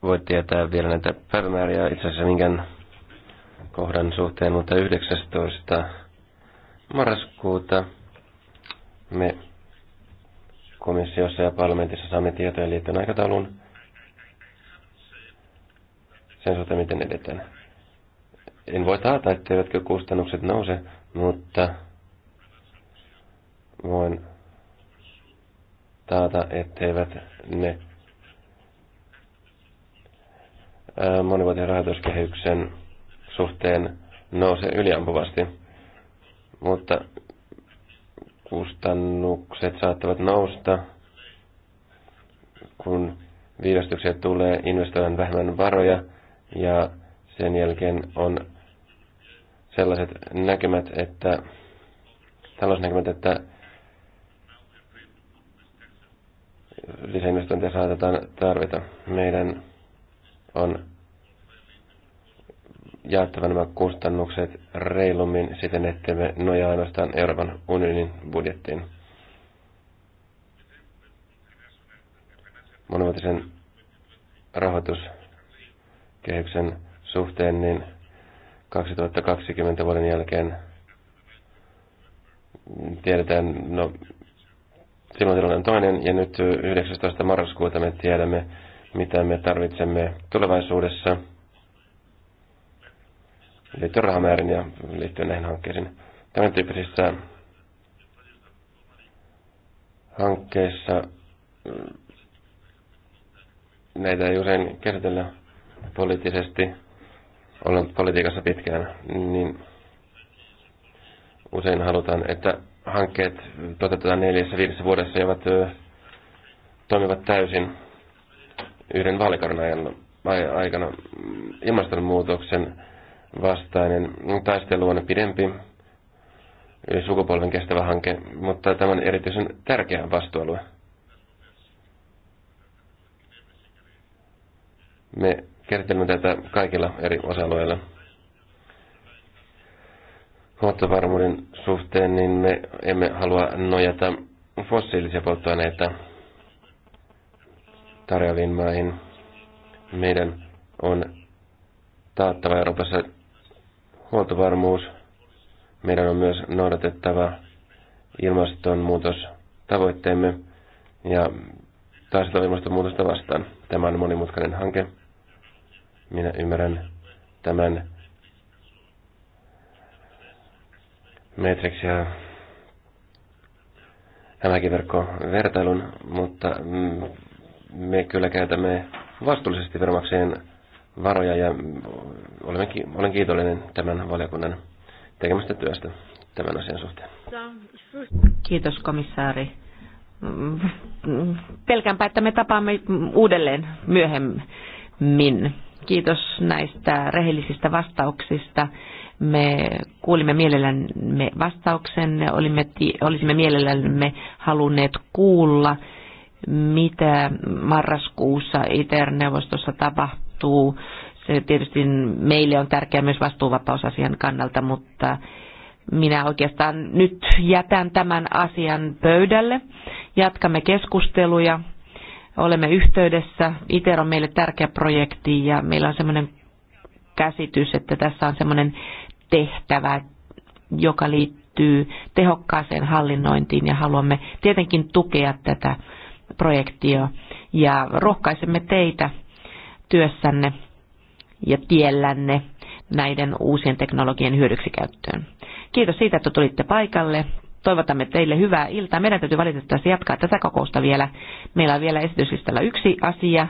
voi tietää vielä näitä päivämääriä itse asiassa minkään kohdan suhteen, mutta 19 marraskuuta me komissiossa ja parlamentissa saamme tietoja liittyen aikataulun sen suhteen, miten edetään. En voi taata, etteivätkö kustannukset nouse, mutta voin taata, etteivät ne monivuotisen rahoituskehyksen suhteen nouse yliampuvasti mutta kustannukset saattavat nousta, kun viivästyksiä tulee investoidaan vähemmän varoja ja sen jälkeen on sellaiset näkymät, että talousnäkymät, että lisäinvestointeja saatetaan tarvita. Meidän on jaettava nämä kustannukset reilummin siten, että me nojaa ainoastaan Euroopan unionin budjettiin. Monimuotoisen rahoituskehyksen suhteen, niin 2020 vuoden jälkeen tiedetään, no silloin tilanne on toinen, ja nyt 19. marraskuuta me tiedämme, mitä me tarvitsemme tulevaisuudessa – liittyen rahamäärin ja liittyen näihin hankkeisiin. Tämän tyyppisissä hankkeissa mm, näitä ei usein käsitellä poliittisesti, ollaan politiikassa pitkään, niin usein halutaan, että hankkeet toteutetaan neljässä viidessä vuodessa ja ovat, toimivat täysin yhden vaalikauden aikana ilmastonmuutoksen vastainen taistelu on pidempi sukupolven kestävä hanke, mutta tämä on erityisen tärkeä vastuualue. Me kertelemme tätä kaikilla eri osa-alueilla. Huoltovarmuuden suhteen niin me emme halua nojata fossiilisia polttoaineita tarjoaviin maihin. Meidän on taattava Euroopassa Huoltovarmuus. Meidän on myös noudatettava ilmastonmuutostavoitteemme ja taistella ilmastonmuutosta vastaan. Tämä on monimutkainen hanke. Minä ymmärrän tämän Matrix ja vertailun mutta mm, me kyllä käytämme vastuullisesti veronmaksajien varoja ja olen kiitollinen tämän valiokunnan tekemästä työstä tämän asian suhteen. Kiitos komissaari. Pelkäänpä, että me tapaamme uudelleen myöhemmin. Kiitos näistä rehellisistä vastauksista. Me kuulimme mielellämme vastauksen. olimme, olisimme mielellämme halunneet kuulla, mitä marraskuussa ITER-neuvostossa tapahtuu vastuu. Se tietysti meille on tärkeä myös vastuuvapausasian kannalta, mutta minä oikeastaan nyt jätän tämän asian pöydälle. Jatkamme keskusteluja. Olemme yhteydessä. ITER on meille tärkeä projekti ja meillä on semmoinen käsitys, että tässä on semmoinen tehtävä, joka liittyy tehokkaaseen hallinnointiin ja haluamme tietenkin tukea tätä projektia ja rohkaisemme teitä työssänne ja tiellänne näiden uusien hyödyksi hyödyksikäyttöön. Kiitos siitä, että tulitte paikalle. Toivotamme teille hyvää iltaa. Meidän täytyy valitettavasti jatkaa tätä kokousta vielä. Meillä on vielä esityslistalla yksi asia,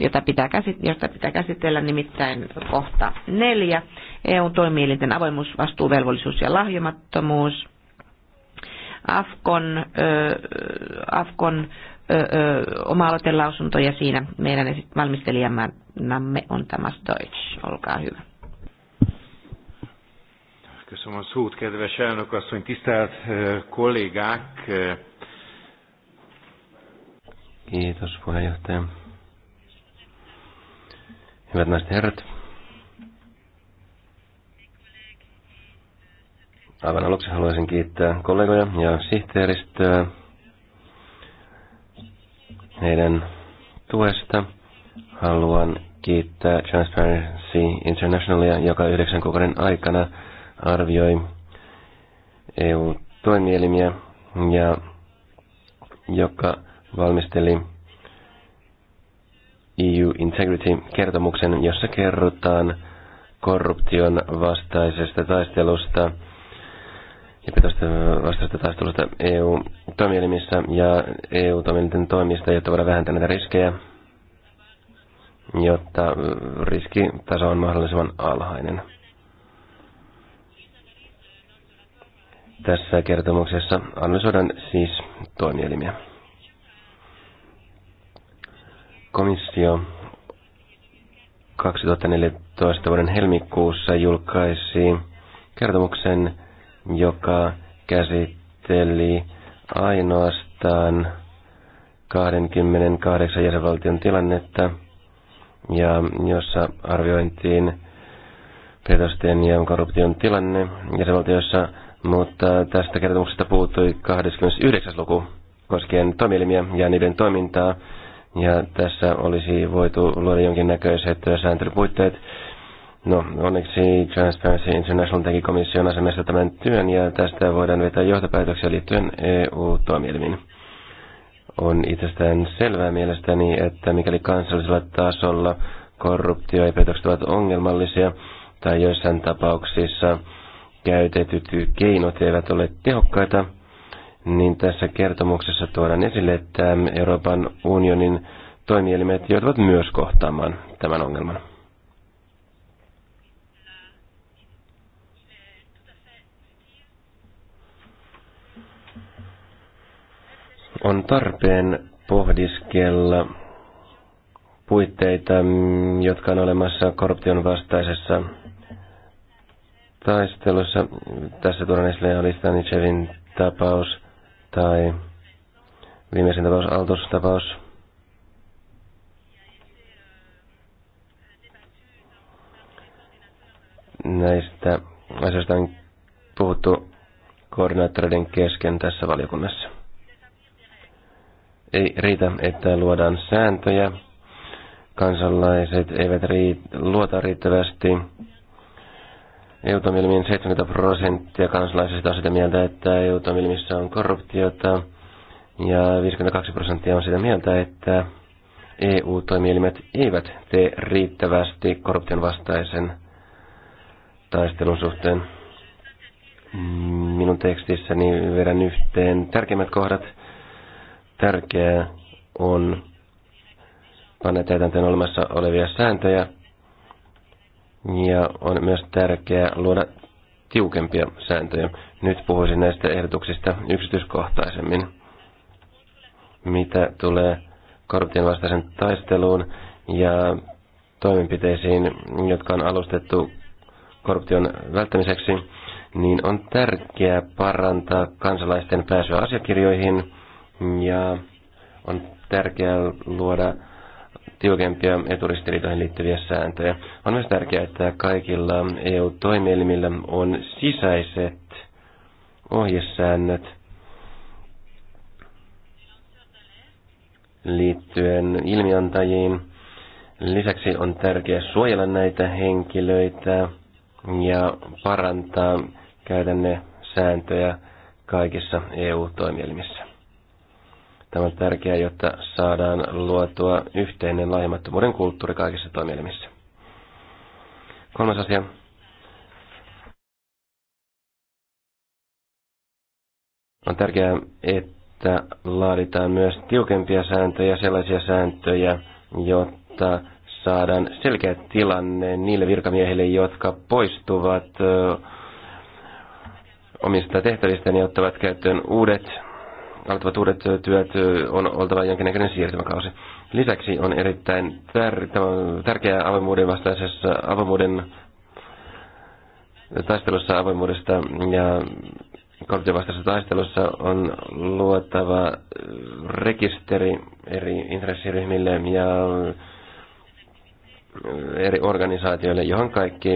jota pitää, käsitellä, jota pitää käsitellä, nimittäin kohta neljä. EUn toimielinten avoimuus, vastuuvelvollisuus ja lahjomattomuus. Afkon, äh, Afkon oma-aloitelausunto ja siinä meidän valmistelijamme on Tamas Deutsch. Olkaa hyvä. Köszönöm a szót, kedves elnök asszony, tisztelt kollégák! Kiitos puheenjohtaja. Hyvät naiset ja herrat. Aivan aluksi haluaisin kiittää kollegoja ja sihteeristöä heidän tuesta. Haluan kiittää Transparency Internationalia, joka yhdeksän kuukauden aikana arvioi EU-toimielimiä ja joka valmisteli EU Integrity-kertomuksen, jossa kerrotaan korruption vastaisesta taistelusta – ja petosta vastaista taistelusta EU-toimielimissä ja EU-toimielinten toimista, jotta voidaan vähentää näitä riskejä, jotta riskitaso on mahdollisimman alhainen. Tässä kertomuksessa analysoidaan siis toimielimiä. Komissio 2014 vuoden helmikuussa julkaisi kertomuksen joka käsitteli ainoastaan 28 jäsenvaltion tilannetta ja jossa arviointiin petosten ja korruption tilanne jäsenvaltioissa, mutta tästä kertomuksesta puuttui 29. luku koskien toimielimiä ja niiden toimintaa. Ja tässä olisi voitu luoda jonkinnäköiset sääntelypuitteet, No, onneksi Transparency International teki komission asemesta tämän työn ja tästä voidaan vetää johtopäätöksiä liittyen EU-toimielimiin. On itsestään selvää mielestäni, että mikäli kansallisella tasolla korruptio ja petokset ovat ongelmallisia tai joissain tapauksissa käytetyt keinot eivät ole tehokkaita, niin tässä kertomuksessa tuodaan esille, että Euroopan unionin toimielimet joutuvat myös kohtaamaan tämän ongelman. on tarpeen pohdiskella puitteita, jotka on olemassa korruption vastaisessa taistelussa. Tässä tuodaan esille Alistanichevin tapaus tai viimeisin tapaus, Altus-tapaus. Näistä asioista on puhuttu koordinaattoreiden kesken tässä valiokunnassa ei riitä, että luodaan sääntöjä. Kansalaiset eivät riit- luota riittävästi. Eutomilmiin 70 prosenttia kansalaisista on sitä mieltä, että eutomilmissa on korruptiota. Ja 52 prosenttia on sitä mieltä, että EU-toimielimet eivät tee riittävästi korruption vastaisen taistelun suhteen. Minun tekstissäni vedän yhteen tärkeimmät kohdat – Tärkeää on panna täytäntöön olemassa olevia sääntöjä ja on myös tärkeää luoda tiukempia sääntöjä. Nyt puhuisin näistä ehdotuksista yksityiskohtaisemmin. Mitä tulee korruption vastaisen taisteluun ja toimenpiteisiin, jotka on alustettu korruption välttämiseksi, niin on tärkeää parantaa kansalaisten pääsyä asiakirjoihin ja on tärkeää luoda tiukempia eturistiriitoihin liittyviä sääntöjä. On myös tärkeää, että kaikilla EU-toimielimillä on sisäiset ohjesäännöt liittyen ilmiantajiin. Lisäksi on tärkeää suojella näitä henkilöitä ja parantaa käytännön sääntöjä kaikissa EU-toimielimissä. Tämä on tärkeää, jotta saadaan luotua yhteinen lahjomattomuuden kulttuuri kaikissa toimielimissä. Kolmas asia. On tärkeää, että laaditaan myös tiukempia sääntöjä, sellaisia sääntöjä, jotta saadaan selkeä tilanne niille virkamiehille, jotka poistuvat omista tehtävistä ja ottavat käyttöön uudet aloittavat uudet työt on oltava jonkinnäköinen siirtymäkausi. Lisäksi on erittäin tär, tärkeää avoimuuden vastaisessa avoimuuden taistelussa avoimuudesta ja korruption vastaisessa taistelussa on luotava rekisteri eri intressiryhmille ja eri organisaatioille, johon kaikki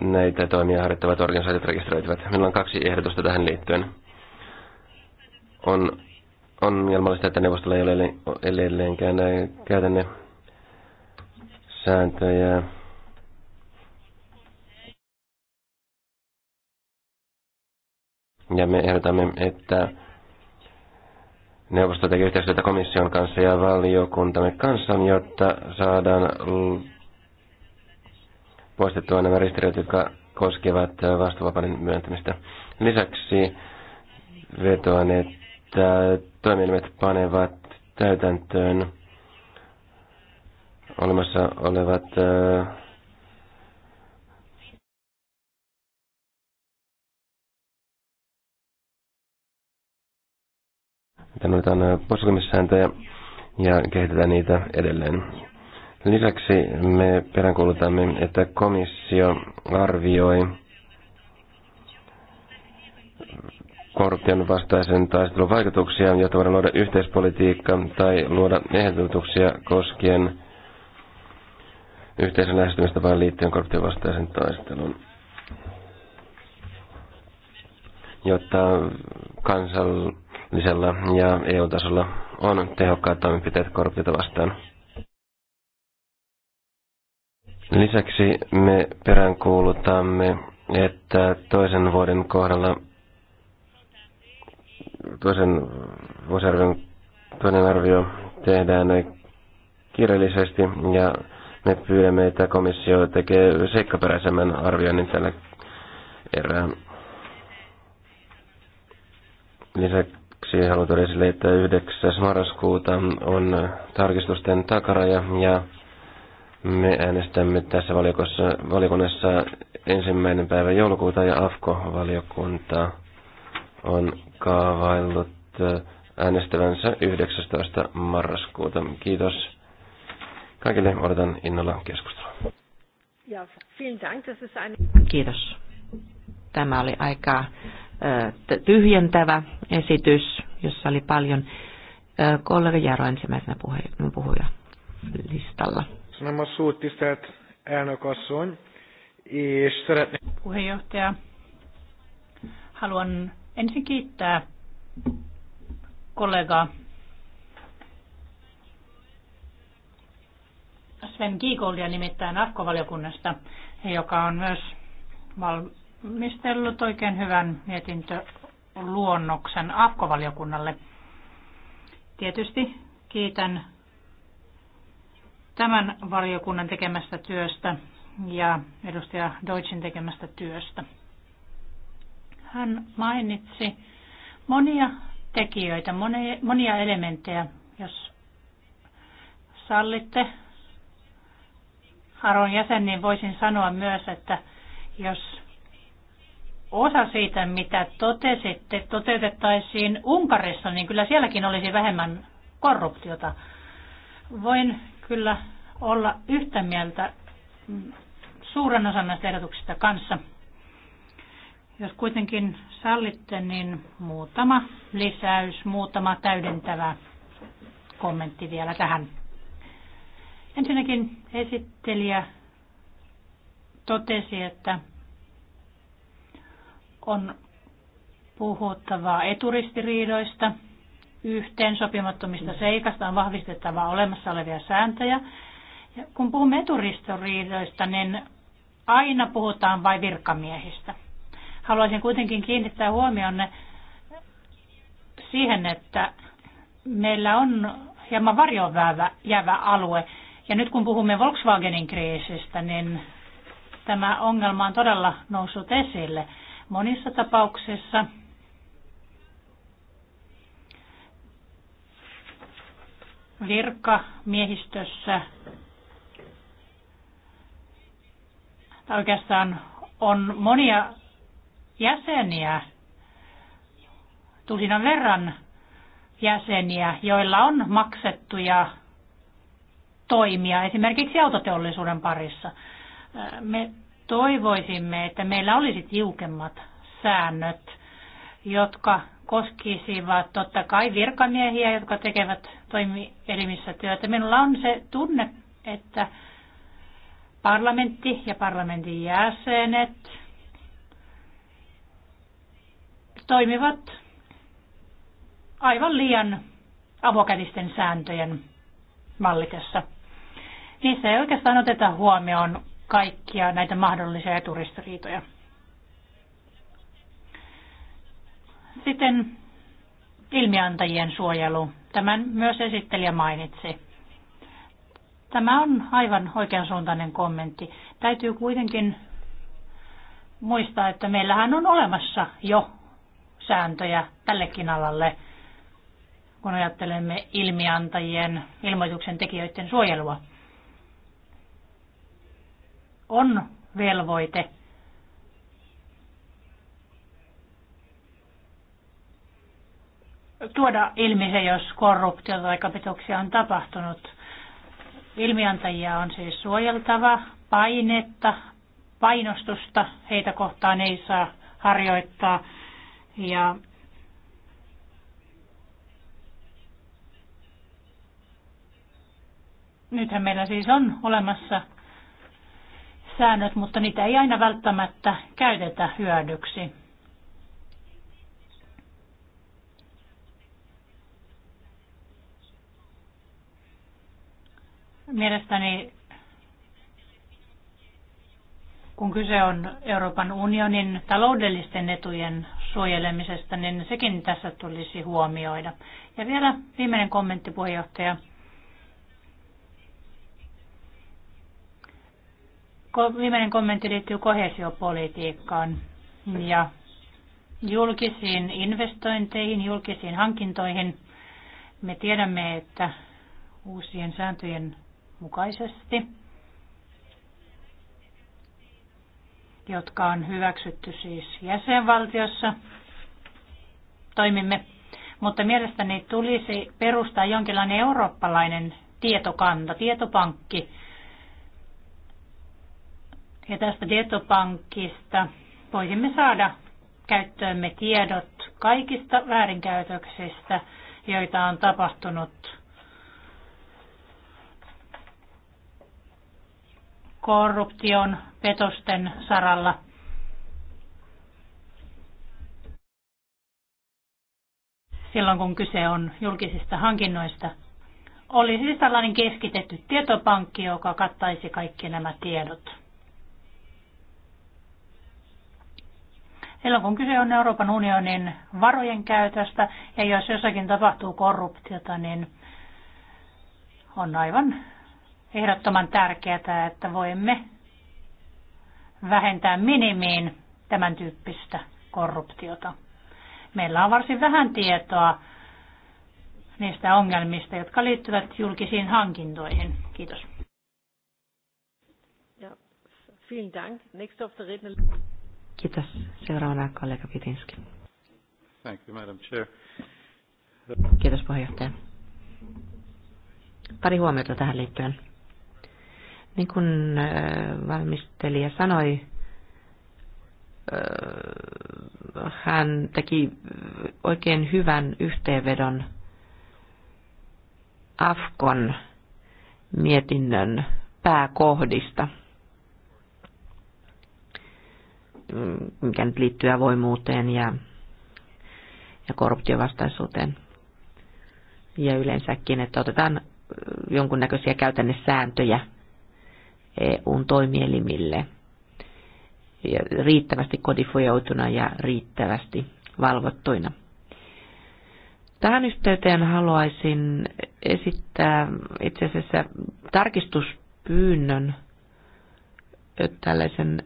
näitä toimia harjoittavat organisaatiot rekisteröityvät. Meillä on kaksi ehdotusta tähän liittyen on ongelmallista, että neuvostolla ei ole edelleenkään käytännön sääntöjä. Ja me ehdotamme, että neuvosto tekee yhteistyötä komission kanssa ja valiokuntamme kanssa, jotta saadaan poistettua nämä ristiriidat, jotka koskevat vastuuvapauden myöntämistä. Lisäksi vetoan, että että toimielimet panevat täytäntöön olemassa olevat mitä on ja kehitetään niitä edelleen. Lisäksi me peräänkuulutamme, että komissio arvioi korruption vastaisen taistelun vaikutuksia, jotta voidaan luoda yhteispolitiikka tai luoda ehdotuksia koskien yhteisen vain liittyen korruption vastaisen taistelun. Jotta kansallisella ja EU-tasolla on tehokkaat toimenpiteet korruptiota vastaan. Lisäksi me peräänkuulutamme, että toisen vuoden kohdalla toisen vuosiarvion toinen arvio tehdään kirjallisesti ja me pyydämme, että komissio tekee seikkaperäisemmän arvioinnin tällä erää. Lisäksi haluan tuoda esille, että 9. marraskuuta on tarkistusten takaraja ja me äänestämme tässä valiokunnassa ensimmäinen päivä joulukuuta ja AFKO-valiokunta on kaavaillut äh, äänestävänsä 19. marraskuuta. Kiitos kaikille. Odotan innolla keskustelua. Kiitos. Tämä oli aika äh, tyhjentävä esitys, jossa oli paljon äh, kollega Jaro ensimmäisenä puhuja listalla. Puheenjohtaja, haluan Ensin kiittää kollegaa Sven Kiikoldia nimittäin akkovaliokunnasta, joka on myös valmistellut oikein hyvän mietintöluonnoksen akkovaliokunnalle. Tietysti kiitän tämän valiokunnan tekemästä työstä ja edustaja Deutschin tekemästä työstä. Hän mainitsi monia tekijöitä, monia elementtejä, jos sallitte. Aron jäsen, niin voisin sanoa myös, että jos osa siitä, mitä totesitte, toteutettaisiin Unkarissa, niin kyllä sielläkin olisi vähemmän korruptiota. Voin kyllä olla yhtä mieltä suuren osan näistä ehdotuksista kanssa. Jos kuitenkin sallitte, niin muutama lisäys, muutama täydentävä kommentti vielä tähän. Ensinnäkin esittelijä totesi, että on puhuttava eturistiriidoista, yhteen sopimattomista seikasta on vahvistettava olemassa olevia sääntöjä. Ja kun puhumme eturistiriidoista, niin aina puhutaan vain virkamiehistä. Haluaisin kuitenkin kiinnittää huomionne siihen, että meillä on hieman varjoon jäävä alue. Ja nyt kun puhumme Volkswagenin kriisistä, niin tämä ongelma on todella noussut esille. Monissa tapauksissa virkamiehistössä tai oikeastaan on monia jäseniä, tulinan verran jäseniä, joilla on maksettuja toimia esimerkiksi autoteollisuuden parissa. Me toivoisimme, että meillä olisi tiukemmat säännöt, jotka koskisivat totta kai virkamiehiä, jotka tekevät toimielimissä työtä. Minulla on se tunne, että parlamentti ja parlamentin jäsenet toimivat aivan liian avokätisten sääntöjen vallitessa. Niissä ei oikeastaan oteta huomioon kaikkia näitä mahdollisia eturistiriitoja. Sitten ilmiantajien suojelu. Tämän myös esittelijä mainitsi. Tämä on aivan oikeansuuntainen kommentti. Täytyy kuitenkin muistaa, että meillähän on olemassa jo sääntöjä tällekin alalle, kun ajattelemme ilmiantajien, ilmoituksen tekijöiden suojelua. On velvoite tuoda ilmi se, jos korruptio tai kapituksia on tapahtunut. Ilmiantajia on siis suojeltava, painetta, painostusta heitä kohtaan ei saa harjoittaa. Ja nythän meillä siis on olemassa säännöt, mutta niitä ei aina välttämättä käytetä hyödyksi. Mielestäni kun kyse on Euroopan unionin taloudellisten etujen suojelemisesta, niin sekin tässä tulisi huomioida. Ja vielä viimeinen kommentti puheenjohtaja. Viimeinen kommentti liittyy kohesiopolitiikkaan ja julkisiin investointeihin, julkisiin hankintoihin. Me tiedämme, että uusien sääntöjen mukaisesti jotka on hyväksytty siis jäsenvaltiossa. Toimimme. Mutta mielestäni tulisi perustaa jonkinlainen eurooppalainen tietokanta, tietopankki. Ja tästä tietopankista voisimme saada käyttöömme tiedot kaikista väärinkäytöksistä, joita on tapahtunut korruption, petosten saralla. Silloin kun kyse on julkisista hankinnoista. Olisi siis tällainen keskitetty tietopankki, joka kattaisi kaikki nämä tiedot. Silloin kun kyse on Euroopan unionin varojen käytöstä ja jos jossakin tapahtuu korruptiota, niin on aivan ehdottoman tärkeää, että voimme vähentää minimiin tämän tyyppistä korruptiota. Meillä on varsin vähän tietoa niistä ongelmista, jotka liittyvät julkisiin hankintoihin. Kiitos. Ja, vielen Dank. Next of the redner... Kiitos. Seuraavana kollega Pitinski. Thank you, Madam Chair. Kiitos puheenjohtaja. Pari huomiota tähän liittyen. Niin kuin valmistelija sanoi, hän teki oikein hyvän yhteenvedon Afkon mietinnön pääkohdista, mikä nyt liittyy avoimuuteen ja, ja korruptiovastaisuuteen ja yleensäkin, että otetaan jonkunnäköisiä käytännössääntöjä EUn toimielimille riittävästi kodifioituna ja riittävästi valvottuina. Tähän yhteyteen haluaisin esittää itse asiassa tarkistuspyynnön tällaisen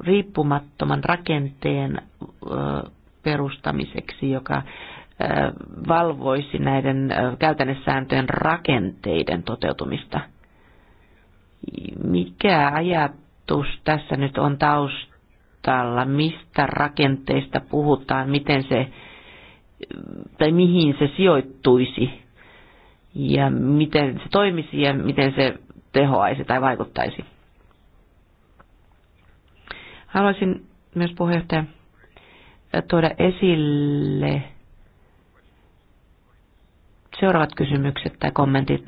riippumattoman rakenteen perustamiseksi, joka valvoisi näiden käytännössääntöjen rakenteiden toteutumista – mikä ajatus tässä nyt on taustalla? Mistä rakenteista puhutaan? Miten se, tai mihin se sijoittuisi? Ja miten se toimisi ja miten se tehoaisi tai vaikuttaisi? Haluaisin myös puheenjohtaja tuoda esille seuraavat kysymykset tai kommentit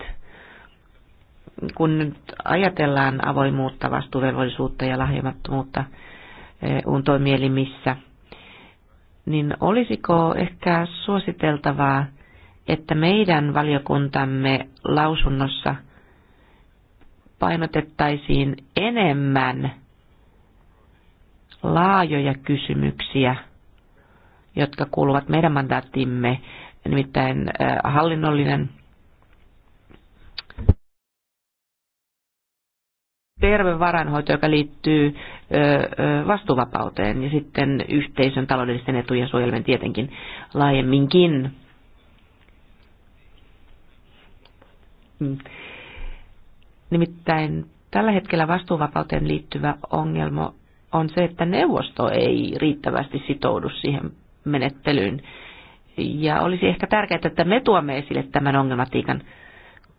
kun nyt ajatellaan avoimuutta, vastuuvelvollisuutta ja lahjomattomuutta EUn eh, toimielimissä, niin olisiko ehkä suositeltavaa, että meidän valiokuntamme lausunnossa painotettaisiin enemmän laajoja kysymyksiä, jotka kuuluvat meidän mandaattimme, nimittäin eh, hallinnollinen terve varainhoito, joka liittyy vastuuvapauteen ja sitten yhteisön taloudellisten etujen suojelmien tietenkin laajemminkin. Nimittäin tällä hetkellä vastuuvapauteen liittyvä ongelma on se, että neuvosto ei riittävästi sitoudu siihen menettelyyn. Ja olisi ehkä tärkeää, että me tuomme esille tämän ongelmatiikan,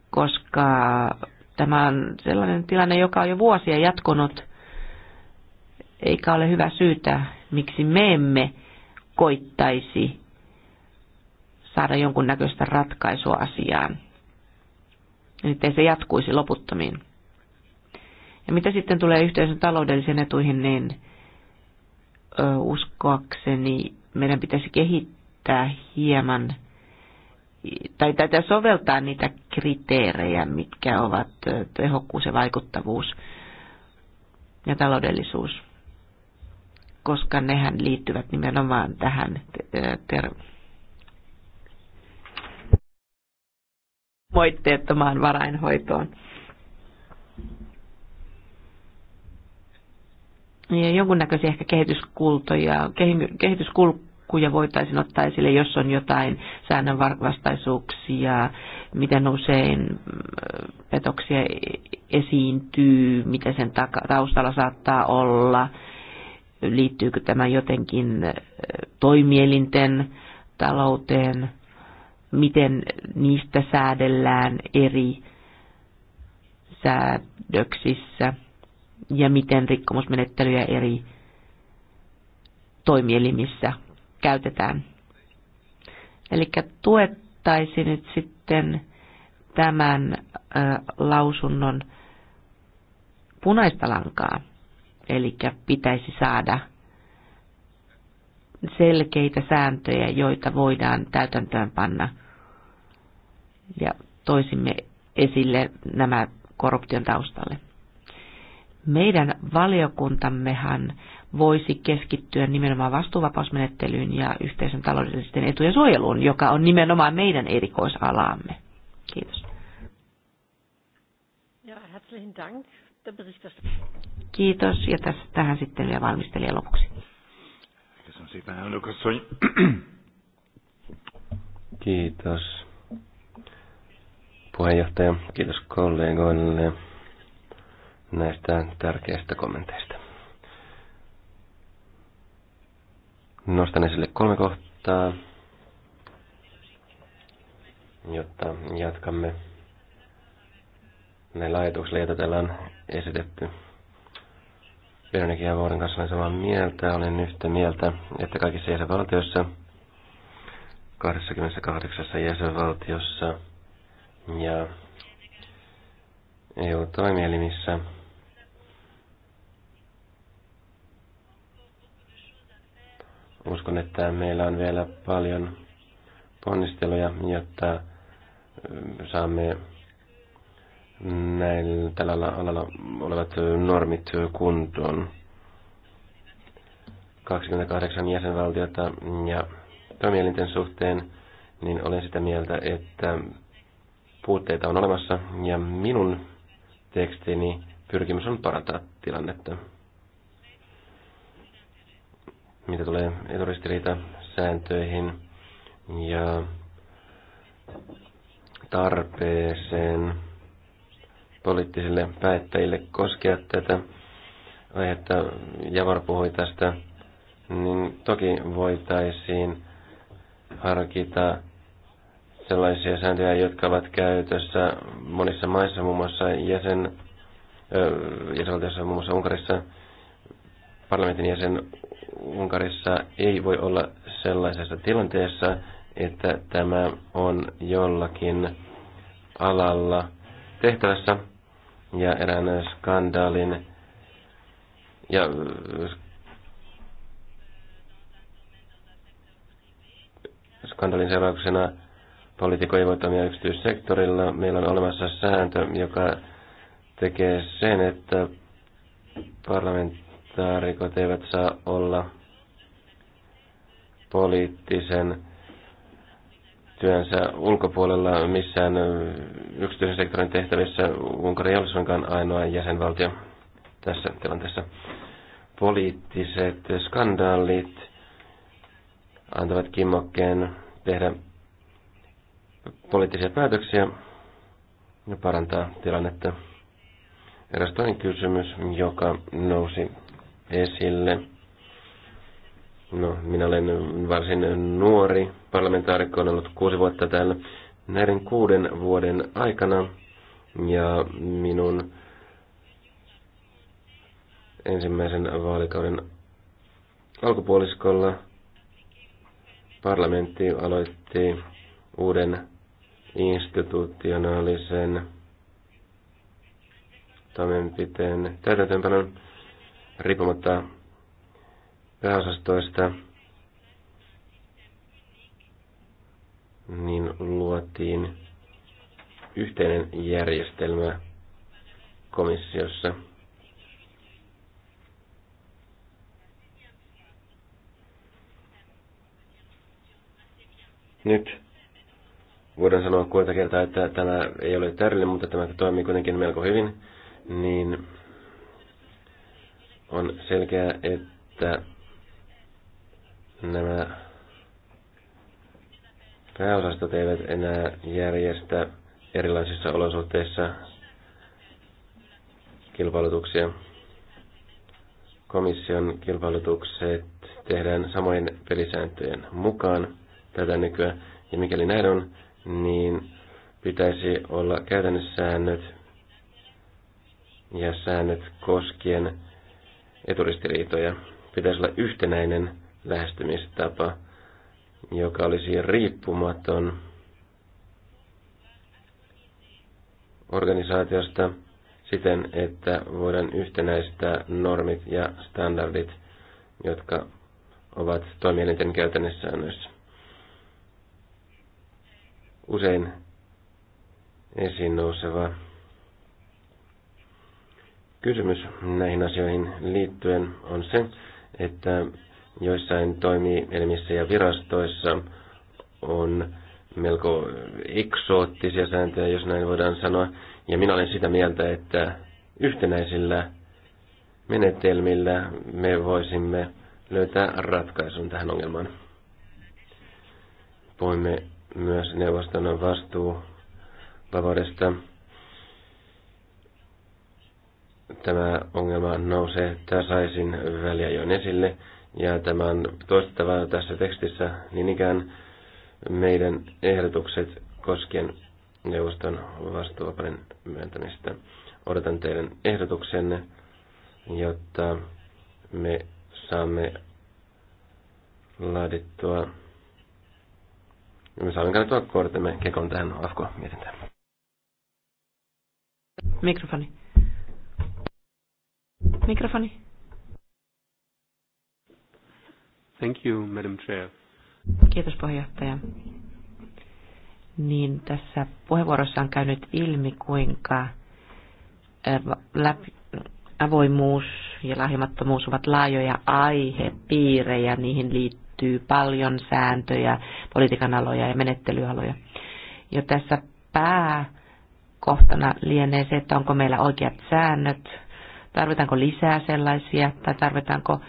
koska Tämä on sellainen tilanne, joka on jo vuosia jatkunut, eikä ole hyvä syytä, miksi me emme koittaisi saada jonkunnäköistä ratkaisua asiaan. Nyt se jatkuisi loputtomiin. Ja mitä sitten tulee yhteisön taloudellisiin etuihin, niin ö, uskoakseni meidän pitäisi kehittää hieman tai tätä soveltaa niitä kriteerejä, mitkä ovat tehokkuus ja vaikuttavuus ja taloudellisuus, koska nehän liittyvät nimenomaan tähän ter- moitteettomaan varainhoitoon. Ja jonkunnäköisiä ehkä kehityskultoja, kehityskulkuja lukuja voitaisiin ottaa esille, jos on jotain säännönvastaisuuksia, miten usein äh, petoksia esiintyy, mitä sen taustalla saattaa olla, liittyykö tämä jotenkin äh, toimielinten talouteen, miten niistä säädellään eri säädöksissä ja miten rikkomusmenettelyjä eri toimielimissä käytetään. Eli tuettaisi nyt sitten tämän lausunnon punaista lankaa, eli pitäisi saada selkeitä sääntöjä, joita voidaan täytäntöön panna. Ja toisimme esille nämä korruption taustalle. Meidän valiokuntammehan voisi keskittyä nimenomaan vastuuvapausmenettelyyn ja yhteisen taloudellisten etujen suojeluun, joka on nimenomaan meidän erikoisalaamme. Kiitos. Ja, herzlichen Dank. Kiitos, ja tässä, tähän sitten vielä valmistelija lopuksi. Kiitos puheenjohtaja, kiitos kollegoille näistä tärkeistä kommenteista. Nostan esille kolme kohtaa, jotta jatkamme näillä ajatuksilla, joita täällä on esitetty. Veronikin ja Vuoren kanssa olen samaa mieltä. Olen yhtä mieltä, että kaikissa jäsenvaltioissa, 28 jäsenvaltiossa ja EU-toimielimissä – Uskon, että meillä on vielä paljon ponnisteluja, jotta saamme näillä tällä alalla olevat normit kuntoon. 28 jäsenvaltiota ja toimielinten suhteen, niin olen sitä mieltä, että puutteita on olemassa ja minun tekstini pyrkimys on parantaa tilannetta mitä tulee sääntöihin ja tarpeeseen poliittisille päättäjille koskea tätä aihetta. Javar puhui tästä, niin toki voitaisiin harkita sellaisia sääntöjä, jotka ovat käytössä monissa maissa, muun muassa jäsen, jäsenvaltiossa, muun muassa Unkarissa, parlamentin jäsen Unkarissa ei voi olla sellaisessa tilanteessa, että tämä on jollakin alalla tehtävässä ja erään skandaalin ja äh, skandaalin seurauksena poliitikko ei voi toimia yksityissektorilla. Meillä on olemassa sääntö, joka tekee sen, että parlamentti Saarikot eivät saa olla poliittisen työnsä ulkopuolella missään yksityisen sektorin tehtävissä. Unkari ei ole suinkaan ainoa jäsenvaltio tässä tilanteessa. Poliittiset skandaalit antavat kimmokkeen tehdä poliittisia päätöksiä ja parantaa tilannetta. Eräs toinen kysymys, joka nousi esille. No, minä olen varsin nuori parlamentaarikko, olen ollut kuusi vuotta täällä. Näiden kuuden vuoden aikana ja minun ensimmäisen vaalikauden alkupuoliskolla parlamentti aloitti uuden institutionaalisen toimenpiteen täytäntöönpanon riippumatta pääosastoista, niin luotiin yhteinen järjestelmä komissiossa. Nyt voidaan sanoa kuinka kertaa, että tämä ei ole täydellinen, mutta tämä toimii kuitenkin melko hyvin, niin on selkeää, että nämä pääosastot eivät enää järjestä erilaisissa olosuhteissa kilpailutuksia. Komission kilpailutukset tehdään samojen pelisääntöjen mukaan tätä nykyään, ja mikäli näin on, niin pitäisi olla säännöt ja säännöt koskien eturistiriitoja. Pitäisi olla yhtenäinen lähestymistapa, joka olisi riippumaton organisaatiosta siten, että voidaan yhtenäistää normit ja standardit, jotka ovat toimielinten käytännössä Usein esiin nouseva Kysymys näihin asioihin liittyen on se, että joissain toimielimissä ja virastoissa on melko eksoottisia sääntöjä, jos näin voidaan sanoa. Ja minä olen sitä mieltä, että yhtenäisillä menetelmillä me voisimme löytää ratkaisun tähän ongelmaan. Poimme myös neuvoston vastuu vapaudesta tämä ongelma nousee tasaisin jo esille, ja tämä on toistettava tässä tekstissä, niin ikään meidän ehdotukset koskien neuvoston vastuuvapauden myöntämistä. Odotan teidän ehdotuksenne, jotta me saamme laadittua, me saamme kannettua kortemme kekon tähän afko mietintään. Mikrofoni. Mikrofoni. Thank you, Madam Chair. Kiitos puheenjohtaja. Niin tässä puheenvuorossa on käynyt ilmi, kuinka läpi, avoimuus ja lahjomattomuus ovat laajoja aihepiirejä. Niihin liittyy paljon sääntöjä, politiikan aloja ja menettelyaloja. Jo tässä pääkohtana lienee se, että onko meillä oikeat säännöt, tarvitaanko lisää sellaisia tai tarvitaanko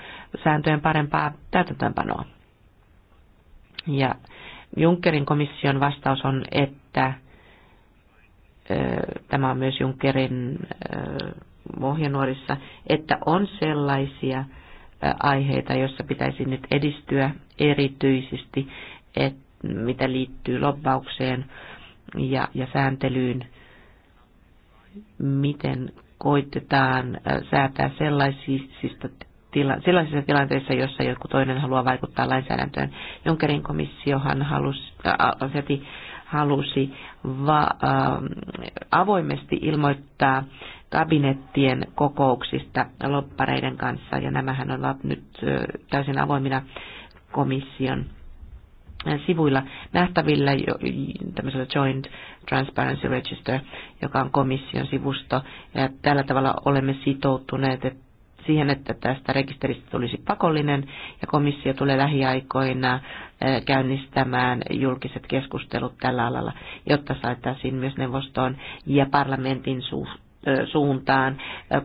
sääntöjen parempaa täytäntöönpanoa. Ja Junckerin komission vastaus on, että tämä on myös Junckerin ohjenuorissa, että on sellaisia aiheita, joissa pitäisi nyt edistyä erityisesti, että mitä liittyy lobbaukseen ja, ja sääntelyyn, miten koitetaan säätää sellaisista tila, sellaisissa tilanteissa, jossa joku toinen haluaa vaikuttaa lainsäädäntöön. Junckerin komissiohan halusi, äh, halusi va, äh, avoimesti ilmoittaa kabinettien kokouksista loppareiden kanssa, ja nämähän ovat nyt äh, täysin avoimina komission Äh, sivuilla nähtävillä tämmöisellä Joint Transparency Register, joka on komission sivusto. Ja tällä tavalla olemme sitoutuneet siihen, että tästä rekisteristä tulisi pakollinen ja komissio tulee lähiaikoina äh, käynnistämään julkiset keskustelut tällä alalla, jotta saataisiin myös neuvostoon ja parlamentin suhteen suuntaan,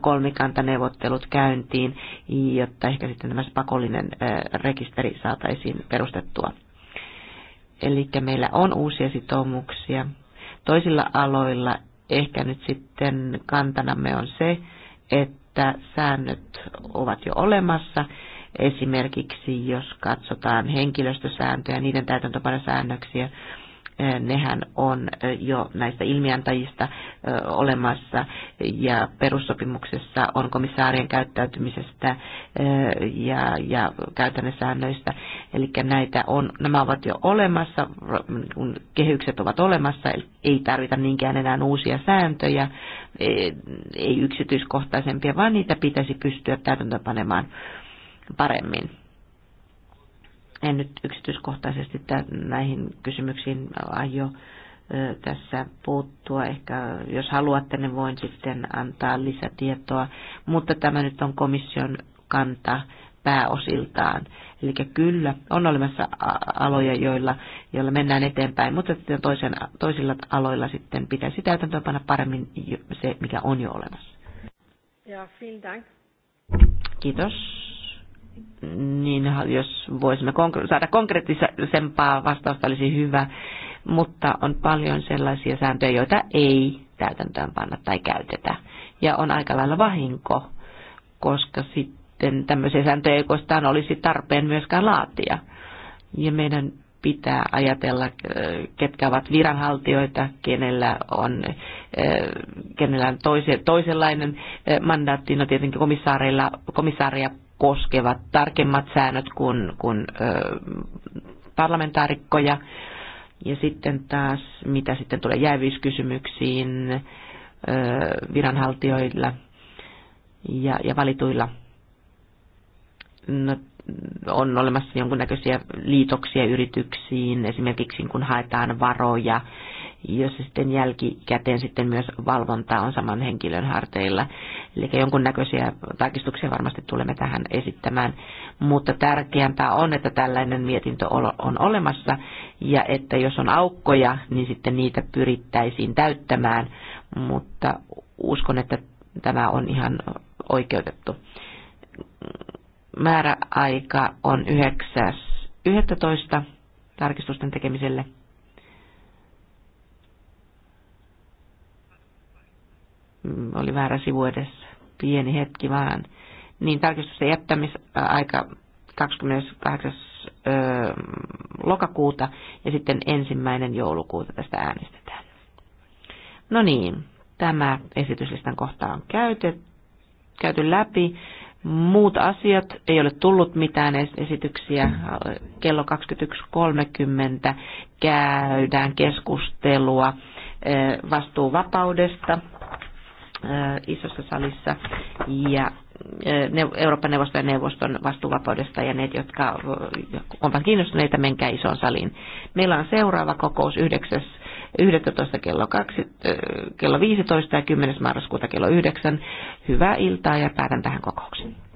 kolmikantaneuvottelut käyntiin, jotta ehkä sitten tämä pakollinen rekisteri saataisiin perustettua. Eli meillä on uusia sitoumuksia. Toisilla aloilla ehkä nyt sitten kantanamme on se, että säännöt ovat jo olemassa. Esimerkiksi jos katsotaan henkilöstösääntöjä, niiden täytäntöpanosäännöksiä, säännöksiä, Eh, nehän on eh, jo näistä ilmiantajista eh, olemassa ja perussopimuksessa on komissaarien käyttäytymisestä ja, ja säännöistä. Eli näitä on, nämä ovat jo olemassa, kun kehykset ovat olemassa, ei tarvita niinkään enää uusia sääntöjä, ei yksityiskohtaisempia, vaan niitä pitäisi pystyä täytäntöönpanemaan paremmin. En nyt yksityiskohtaisesti näihin kysymyksiin äh, aio äh, tässä puuttua. Ehkä jos haluatte, niin voin sitten antaa lisätietoa. Mutta tämä nyt on komission kanta pääosiltaan. Eli kyllä, on olemassa aloja, joilla, joilla mennään eteenpäin, mutta sitten toisen, toisilla aloilla sitten pitäisi täytäntöönpana paremmin se, mikä on jo olemassa. Ja, vielen Kiitos niin jos voisimme saada konkreettisempaa vastausta, olisi hyvä, mutta on paljon sellaisia sääntöjä, joita ei täytäntöön panna tai käytetä. Ja on aika lailla vahinko, koska sitten tämmöisiä sääntöjä ei koskaan olisi tarpeen myöskään laatia. Ja meidän pitää ajatella, äh, ketkä ovat viranhaltijoita, kenellä on, äh, kenellä on toise, toisenlainen äh, mandaatti. No tietenkin komissaareja koskevat tarkemmat säännöt kuin, kuin ö, parlamentaarikkoja. Ja sitten taas, mitä sitten tulee jäävyyskysymyksiin ö, viranhaltijoilla ja, ja valituilla, no, on olemassa jonkunnäköisiä liitoksia yrityksiin, esimerkiksi kun haetaan varoja jos sitten jälkikäteen sitten myös valvonta on saman henkilön harteilla. Eli jonkunnäköisiä tarkistuksia varmasti tulemme tähän esittämään, mutta tärkeämpää on, että tällainen mietintö on olemassa ja että jos on aukkoja, niin sitten niitä pyrittäisiin täyttämään, mutta uskon, että tämä on ihan oikeutettu. Määräaika on 9.11. tarkistusten tekemiselle Mm, oli väärä sivu edes, pieni hetki vaan, niin tarkistusten jättämisaika 28. lokakuuta ja sitten ensimmäinen joulukuuta tästä äänestetään. No niin, tämä esityslistan kohta on käyty, käyty läpi. Muut asiat, ei ole tullut mitään esityksiä. Kello 21.30 käydään keskustelua vastuuvapaudesta isossa salissa ja Euroopan neuvoston ja neuvoston vastuuvapaudesta ja ne, jotka ovat kiinnostuneita, menkää isoon saliin. Meillä on seuraava kokous 9. 11. kello, 2, kello 15 ja 10. marraskuuta kello 9. Hyvää iltaa ja päätän tähän kokoukseen.